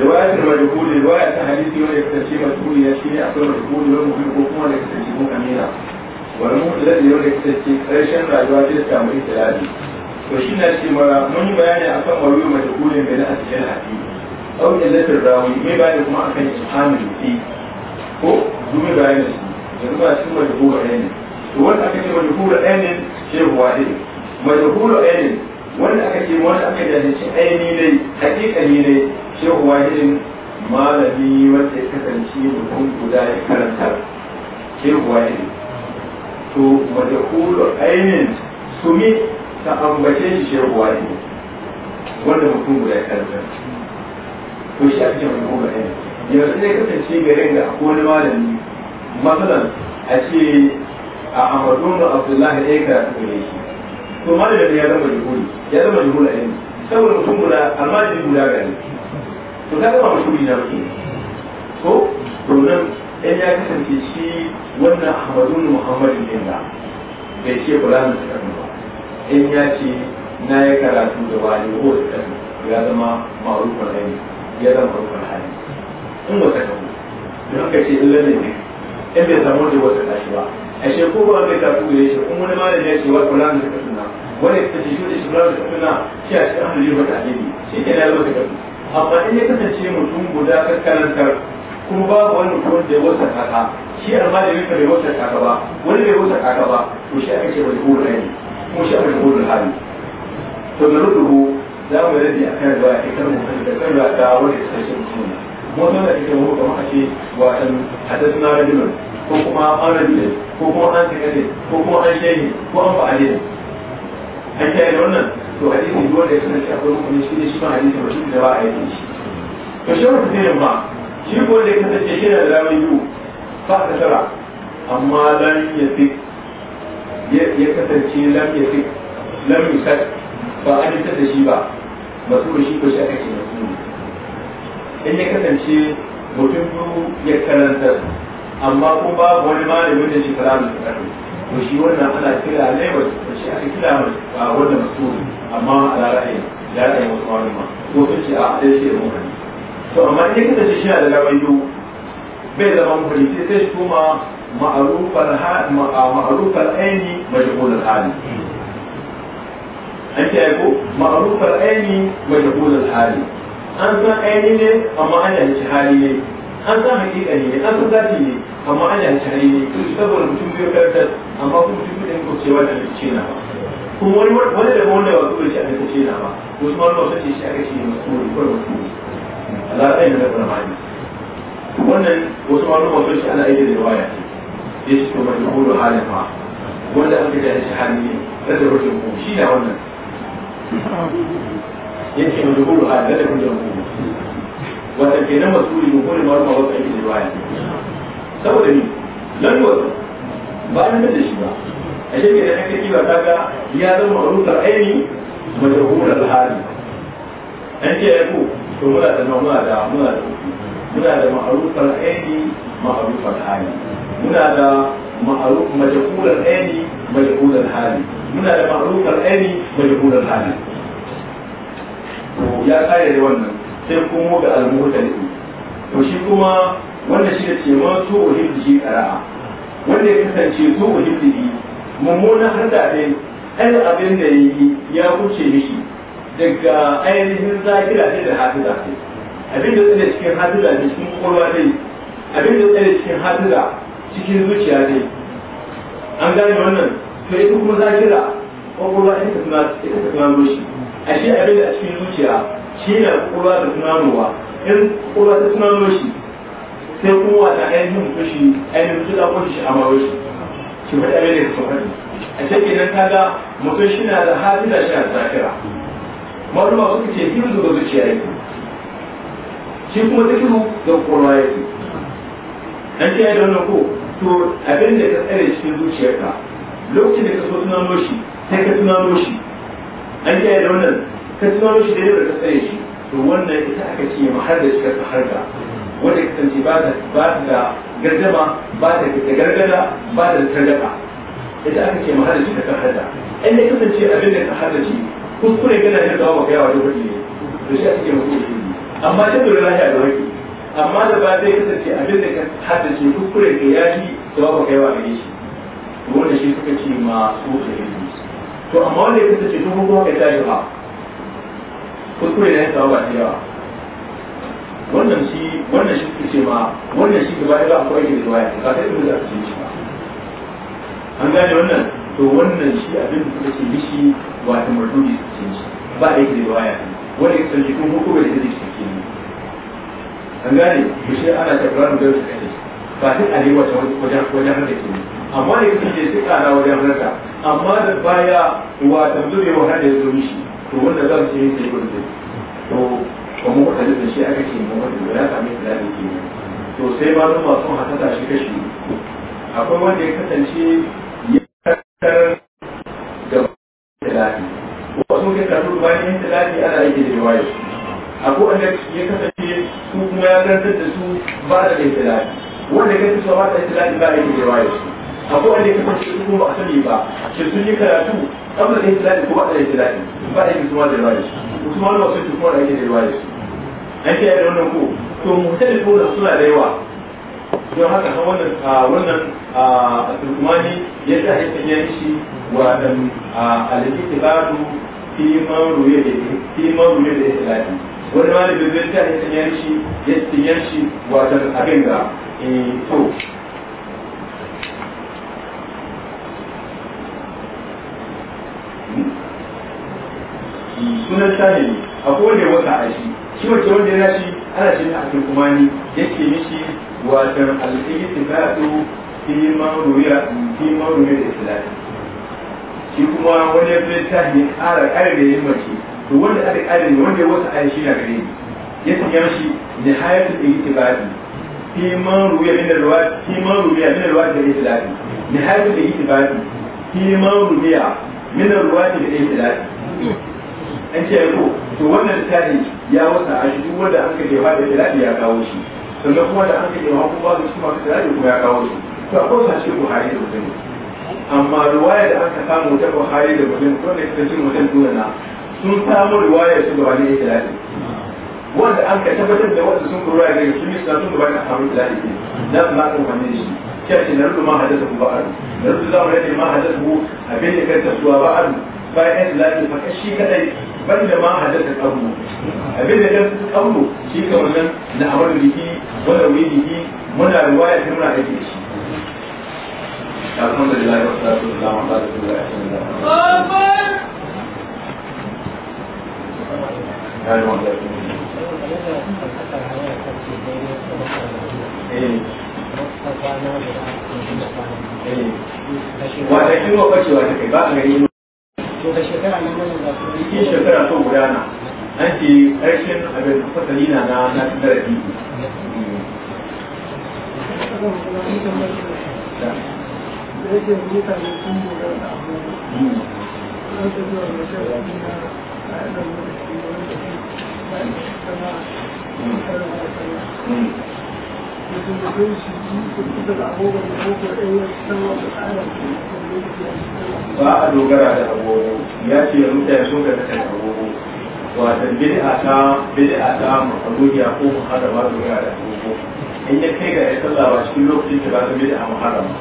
رواية المجهول رواية حديثي ويكتشي مجهول يشي أقل مجهول والمهم كوكما يكتشي أمينا والمهم الذي يكتشي قريشا رجوات التعمل الثلاثي وشينا شي مرة من بيان أقل مروي مجهول بين أسجل حديث أو إلة الراوي مي بيان كما أكن إسحام الوثي هو دومي بيان جنوبا شو مجهول عين وأن أكن مجهول عين شيء واحد مجهول عين وأن أكن وأن أكن يعني شيء عيني لي حقيقة لي cewa irin malami wacce ya kasance mutum guda ya karanta cewa irin to ainihin su sumi ta ambace shi cewa irin wanda mutum guda ya karanta to shi ake guda ya yanzu ne kasance garin ga wani malami matsalan a ce a amadun da abdullahi ɗaya karatu da shi to malami ya zama jihuri ya zama jihuri a yanzu saboda mutum guda almajiri guda gani to ka ga ba mashuri na ke ko domin dan ya kasance shi wannan ahmadun muhammadin ne da bai ce fulani da kanu ba in ya ce na ya karatu da wani ko da kanu ya zama ma'arufin hali ya zama ma'arufin hali in wata kanu don haka ce in lalle ne in bai samu da wata tashi ba ashe ko ba mai karatu da yake kuma wani malam ya ce wa fulani da kanu na wani ta ce shi da shi fulani da kanu na shi a cikin ahmadun wata alibi shi ke na yi wata kanu amma in ya kasance mutum guda ka kuma babu wani mutum da ya wasa kaka shi almajiri ka bai wasa kaka ba wani bai wasa kaka ba to shi aka ce wani hulun hali kuma shi aka ce hulun hali to na rubutu za mu rage a kan ruwa ita mu da kan ruwa da wani kasance mutum mutum da ita mu kamar ake ce watan hadasuna rajulun ko kuma an rajulun ko kuma an sakate ko kuma an shehi ko an ba'alin an kiyaye wannan to hadisi duk wanda ya sanar kasance akwai rukuni shi ne shi ma hadisi ba shi da ba a yi shi to shi rukunin ma shi ko da ya kasance shi da rawar biyu fa ta tara amma lam ya fi ya kasance lam ya fi lam ya yusat ba a jinta da shi ba masu shi ko shi aka ce masu in ya kasance mutum ya karanta amma ko babu wani malamin da shi karamin da karanta to shi wannan ana kira ne ba shi ake kira ba wannan mutum amma a ra'ayi da ra'ayi wasu wani ma ko ta ce a ɗaya shi da muhani to amma in ka tace shi da labayu bai zama muhani sai sai shi kuma ma'arufar ma'arufar aini majhulul hali an ce ko ma'arufar aini majhulul hali an san aini ne amma ana yi hali ne an san hakika ne an san zafi ne amma ana tare ne saboda mutum biyu karta amma kuma mutum biyu ko cewa da ce na ba kuma wani wani da wanda ba kuma ce aka ce na ba wasu ma ba sace shi aka ce mutum ko mutum Allah ya da ramani wannan wasu ma ba shi ana aiki da waya ce ya ce kuma da hudu halin ba wanda an fi da shi hali ne da rufin rubutun shi da wannan yake da hudu halin da rubutun wata ke nan masu yi mummuni ma ruwa wasu aikin riwaya saboda ni lan wasu ba a nan da shi ba a shi ke da nan kaki ba ta ga ya zama ma'arufar aini majahura alhali an ce ya ku to muna da muna da muna da muna da ma'arufar aini ma'arufar hali muna da ma'aruf majahura aini majahura hali muna da ma'arufar aini majahura hali to ya kare da wannan sai kuma ga almuhtalifi to shi kuma wanda shi da ce ma su shi qara'a wanda ya kasance su uhibbihi mummunan harda dai ɗan abin da yi ya wuce mishi daga ainihin zahira ce da da ce abin da yake cikin hafiza ne cikin kowa dai abin da yake cikin da cikin zuciya dai an gane wannan to ita kuma zahira kokolwa ita ta ita ta tuna mishi ashe abin da a cikin zuciya shi da kowa da tunanowa in kowa ta tunano shi sai kowa wata ainihin mutu shi ainihin mutu da shi a mawa shi shi ba abin da su faɗi a cikin nan ga mutum shi na da hali da shi na da zakira maruma suka ce hiru ga zuciya yake shi kuma zikiru da kowa yake an ce da wannan ko to abin da ka tsare cikin zuciyarka lokacin da ka so tunano shi sai ka tunano shi an ce da wannan ka tsaro shi da yadda ka tsaye shi to wannan ita aka ce mahar da suka harga wanda ka tsanci ba da da gardama ba da ta gargada ba da targada ita aka ce mahar da suka harga in da kasance abin da ka harga shi kuskure kana yin dawo ga yawa da wani ne to shi ake mutum amma ta dole lafiya da wani amma da ba zai kasance abin da ka harga shi kuskure ka yaji da ba ka yawa gare shi wanda shi suka ce masu ilimi to amma wanda ya kasance duk kuma ka tashi ba kuskure da ya samu ba da yawa wannan shi wannan shi suke ce ma wannan shi gaba ɗaya akwai yake da waya ba sai da za ce shi ba an gane wannan to wannan shi abin da suka ce mishi wato mardudi su ce shi ba yake da waya wanda ya san jikin ko bai da shi ke ne an gane ba shi ana ta ƙoƙarin da su kai ba sai a lewa wajen wajen da ke amma ne yake da suka na wajen rata amma da baya wato zubewa hada ya zo mishi to wanda za mu ce yake yi gudu to kuma wata da shi aka ce mu wanda ya sami da da ke to sai ba zama sun hasata shi kashi akwai wanda ya kasance ya kasar da talafi wasu ke karatu bayan yin talafi ana aiki da riwaya akwai wanda ya kasance su kuma ya karantar da su ba da yin talafi wanda ya kasance ba da yin talafi ba aiki da riwaya akwai wanda ya kasance su kuma a sani ba ke sun yi karatu kamar da ihtilali ko ba da ihtilali ba da da riwaya su ma da wasu kuma da ake da riwaya su an ke da wannan ko to muhtali ko da suna da yawa don haka ha wannan a wannan a turkumani ya sa ya sanya shi wa dan al-ihtilalu fi man ruya da fi man ruya da ihtilali wani malami zai ta ya sanya shi ya sanya shi wa dan abin da eh, to sunan ne a kowane wata a shi shi wacce wanda ya shi ana shi a cikin kuma ni yake mishi watan al-ittifaqu fi mawruya fi mawruya da islam shi kuma wani ya fi shahidi ƙara ƙara da yin mace to wanda aka ƙara ne wanda ya wata a shi na gare ni ya sanya mishi nihayatul ittifaqi fi mawruya min al-rawat fi mawruya min al-rawat al-islam nihayatul ittifaqi fi mawruya min al-rawat al-islam an ce ko to wannan tare ya wasa a shi duk wanda an kaje ba da tilali ya kawo shi sannan kuma da an kaje ma kuma ba su ma tilali kuma ya kawo shi to akwai sa ce Buhari da Muslim amma riwaya da aka samu ta Buhari da Muslim ko da ta cikin Muslim na sun samu riwaya ta Buhari da tilali wanda an ka tabbatar da wanda sun kura da su misa sun gaba a haru da ake da ma kan wannan shi kace na rubu ma hadasa ba an na rubu zamu rage ma hadasa abin da kanta suwa ba an bayan da lafiya fa shi kadai banda ma hadathal amru abin da dan amru shi kamar nan na amaru biki wala wadihi muna riwaya ta muna aiki da shi الحمد لله والصلاة والسلام على رسول الله Wata kiwo kwacewa ta kai ba a gani to da shekara nan nan da su shekara sun gudana an ce ƙarshen abin fasali na na na darasi Mm. mm. ba a dogara da agogo ya ce mutane sun ga kan agogo watan bid'a ta a ta makaluhiya ko muharrama dogara da agogo in ya kai ga ya sallah ba cikin lokacin da ba ta a muharrama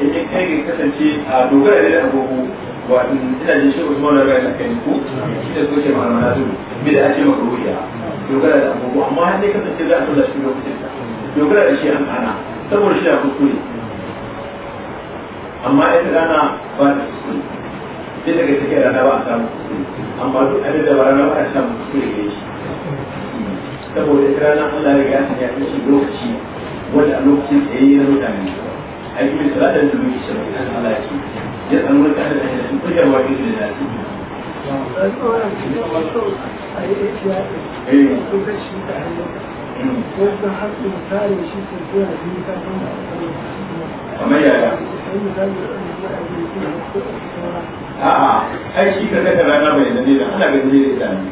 in ya kai ga kasance a dogara da agogo watan ina jin shi Usman da bai da ku shi da soke ma'ana da bid'a ce makaluhiya dogara da agogo amma har ne kasance za a sallah cikin lokacin ta. dogara da shi an saboda shi da kuskure amma ita rana ba ta kuskure sai daga take rana ba a samu kuskure amma duk a da ba rana ba a samu kuskure da shi saboda ya rana an ya ya sanya shi lokaci wanda a lokacin da yayi na mutane yi kuma salata da zuwa shi sai Allah ya ce wani san mun da shi ko jarwa ke da shi eh sai sun haƙƙi misali shi sun da biyu ta kan da kamar yaya a'a ai shi ka zaka rana bai da nila ana ganin nila ita ne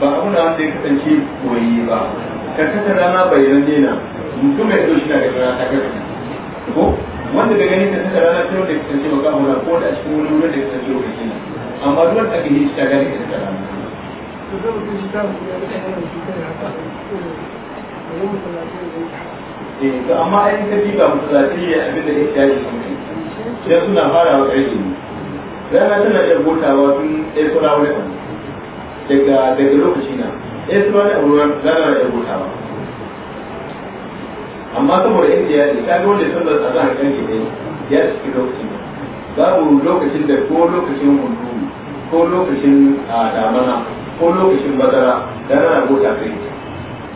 ba abu na wanda ya kasance koyi ba ka kasa rana bai da nila mutum mai doshi na daga rana ta ko wanda daga gani ka kasa rana ta da kasance ba kamar ko da shi wani wurin da kasance lokaci ne amma duk wanda aka yi shi ta gani ka kasa rana. Eh, to amma ai ka ji ba masallaci ya abin da ya shayi sai suna fara wa ƙarfi ne rana tana iya gotawa tun ɗaya sura wani daga daga lokaci na ɗaya sura wani abu rana na iya amma saboda yadda ya ne kaga wanda sun zata za a ƙarfi ne ya ciki lokaci ne babu lokacin da ko lokacin hunturu ko lokacin ah, damana ko lokacin bazara rana na gota kai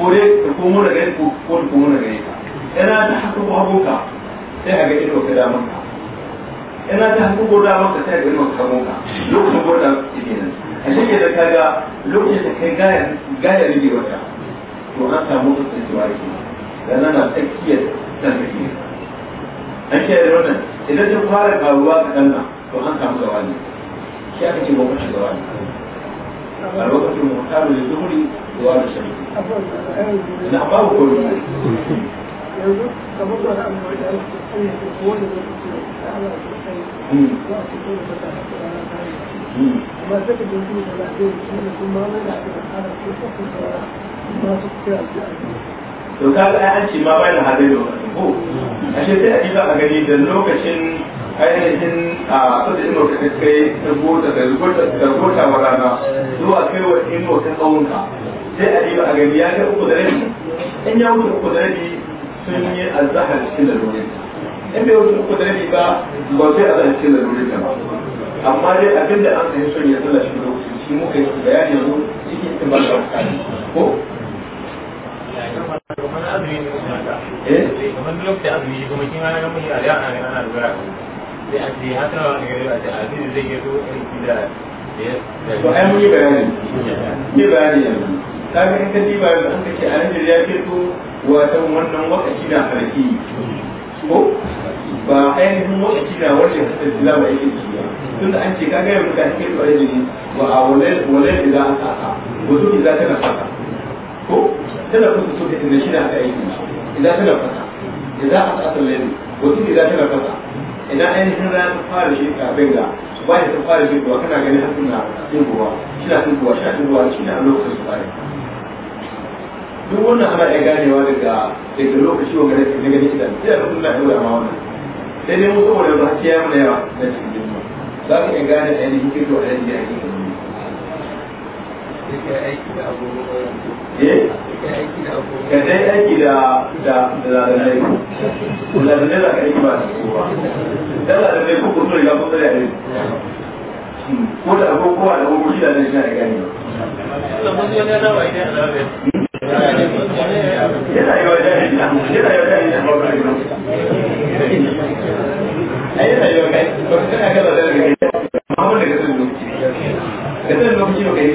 ko dai ka komo da gare ko ko komo da gare ka ina ta haka ko hagunka sai a ga ido ka da maka ina ta haku ko da maka sai a ga ido ka hagunka lokacin ko da kike nan a shi da ka ga lokacin da kai gaya gaya ne wata to an samu tsotsin jiwari dan nan na tsakiyar dan take an shi da wannan idan ta fara karuwa ka danna to an samu zawani shi aka ce ba ku shi zawani a lokacin mutanen da zuhuri da wani shari'a na babu ko yanzu kamar da da da hmm. da da hmm. da ma a to ka ga an ce ma da hadari hmm. sai a ji ba a gani da lokacin ainihin a kudin da kai ta gota ta gota gota wa rana zuwa kai wa inuwa ta tsawonka sai a riba a gani ya kai uku da rabi in ya wuce uku da rabi sun yi azahar cikin lalurin in bai wuce uku da rabi ba ba sai azahar cikin ta ba amma dai abin da an sai son ya tsalla shi lokaci shi muka yi bayani yanzu cikin ita ba da wakani ko kamar azumi ne eh kamar lokacin azumi shi kuma kin ranar mun yi a da ana ana lura sai a ce haka ne a ce azumi zai yi zo in da to ai mun yi bayani yi bayani yanzu kaga in ka diba yanzu an kace a nan ya fito watan wannan wakaci na farki ko ba ainihin wakaci na wajen hada dila ba yake ci ba tunda an ce kaga yanzu ka cikin tsare jini ba a za a saka. ila asaka za idan tana fata ko tana fata so da inda shi na aiki idan tana fata idan asaka lalle wato idan tana fasa. idan ainihin ran fara shi ka benga wani sun fara jirgowa kana ganin har suna jirgowa shida sun shida sun zuwa shida a lokacin su fara duk wannan ana iya ganewa daga daga lokaci wa ganin daga gani shida sai da suna iya ma wannan sai dai mun saboda ba ya mana yawa na cikin jirgin za mu iya gane ainihin kirkiwa ainihin jirgin ka eh? dai aiki da da da ladanai ladanai za ka aiki ba su kowa dan ladanai ko ko riga ko tsare ne hmm. ko da ko ko da ko shi da ne na gani yana yi wa jahili yana yi wa jahili da mawar rikin yana yi wa kai ko kana kada da rikin amma wanda ka sun lokaci ka sun lokaci ba kai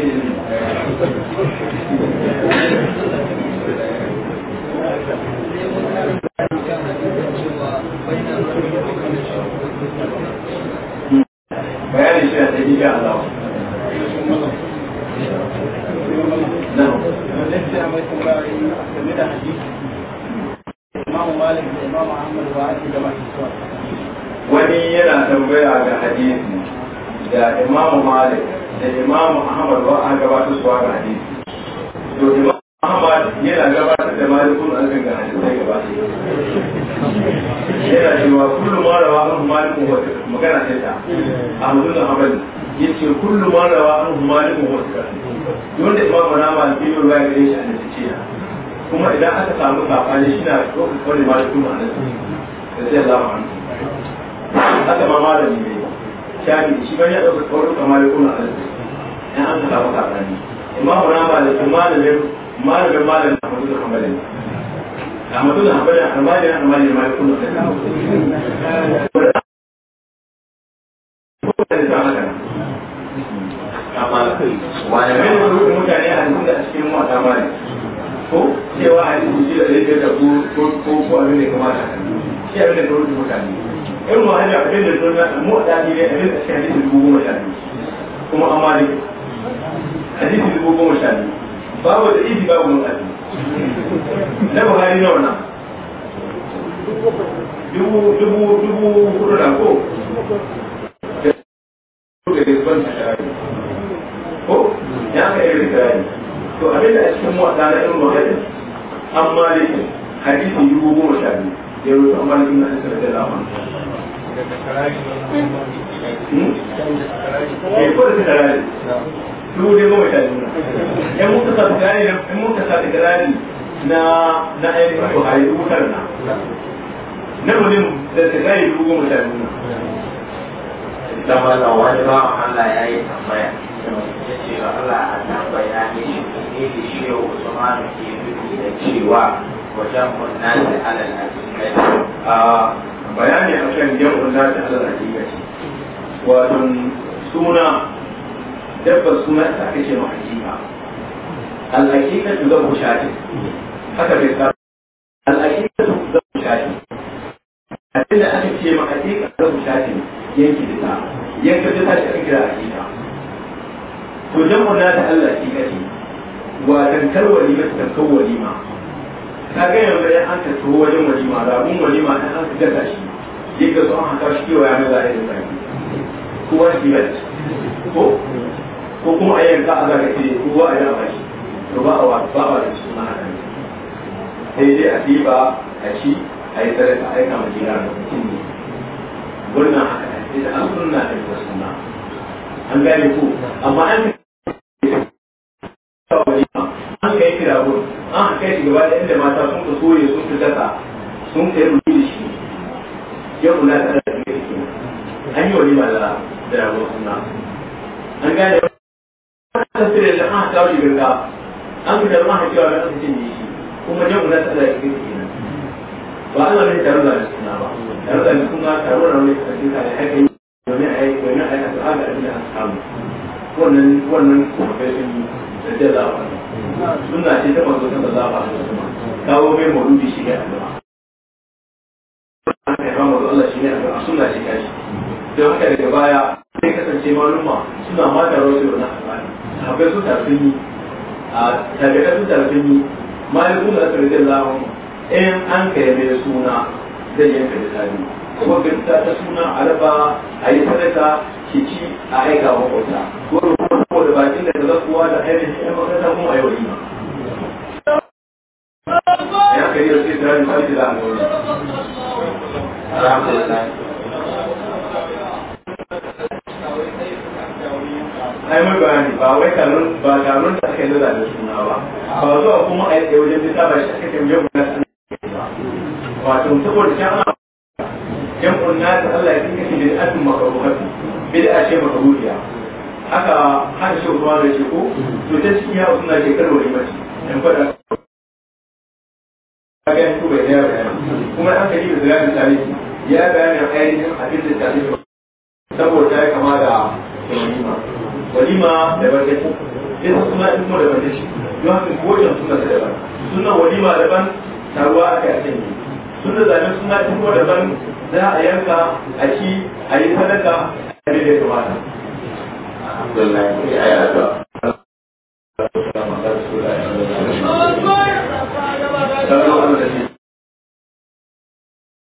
abin da ne hadisi kuma an malik hadisi dubu goma sha biyu babu da idi babu mun hadisi na buhari nawa na dubu dubu dubu hudu ko da rizban shari ko ya ka yi rizari to abin da a cikin mu da na irin buhari an malik hadisi ya da su dai mawai ta nuna yan muka sa tigrani yan muka na na na da ta Allah ya tambaya Allah ne ke da cewa wajen munnan da alal asirai bayani akan jam'un nasi ala hakikati wato suna dabba suna ta aka ce ma hakika al-hakikatu zabu shati haka bai ka al-hakikatu zabu shati abin da aka ce ma hakika zabu shati yanki da ta yanka da ta ce aka kira hakika to jam'un nasi ala hakikati wato tarwali ta tarkawali walima. ka ga yanzu an an tafi wajen walima rabin walima ta an ka gasa shi yadda su an haka shi kewa ya maza da zai kowa shi bai ko ko kuma a yanka a zaka ce kowa a yana shi to ba a ba a da shi ma haka sai dai a ɗiba a ci a yi tsare ka aika ma jira da mutum ne wannan haka sai da an sunna da wasu na an gane ku. amma an an kai shi rago an kai shi gaba da inda mata sun ka soye sun fi gasa sun kai rubi da shi ya kula da ɗan da ke an yi walima da da rago suna an gane an tsire da an kawo shi ganga an ka jarma ha cewa da an cin shi kuma ya kula da ɗan da ke ba an zama taro da suna ba taro da suna taro da wani kasance da haka yi domin a a yi a ga abin da aka samu wannan kuma kai yi da za a suna ce ta manzo ta za a kawo mai mauludi shi ne addu'a an kai manzo Allah shi ne a addu'a suna ce kashi don haka daga baya sai kasance maluma suna ma da rawar wannan alƙali sahabbai su tarfin yi a tabi'a su tarfin yi malikun da asirin jallahu in an kai mai suna zai yanka da tabi kuma bin ta suna alaba a yi sadaka ki ci a aika makwabta bakin da da zakuwa da ainihin shi makaranta kuma a yi ya kai yau sai da rani mali da al'amuri ai mai bayani ba wai kanun ba kanun da aka yi da na ba ba zuwa kuma a yi wajen bisa ba shi aka tambaye mu na ba wato saboda can yan kunna ta Allah ya kike bid'atun makruhatu bid'a ce makruhiya aka haka shi usman da ce ko to ta cikin yawon suna ke karwa ne mace in a kaga yanzu bai daya bayani kuma an kaji da zilamin tarihi ya bayani ainihin abin da tarihi saboda ya kama da walima walima da barkaci sai suna in kuma da barkaci don haka kowace suna da daban suna walima daban taruwa aka yi sanyi suna zaɓen suna in kuma daban za a yanka a ci a yi sadaka a da ya kamata Thank you.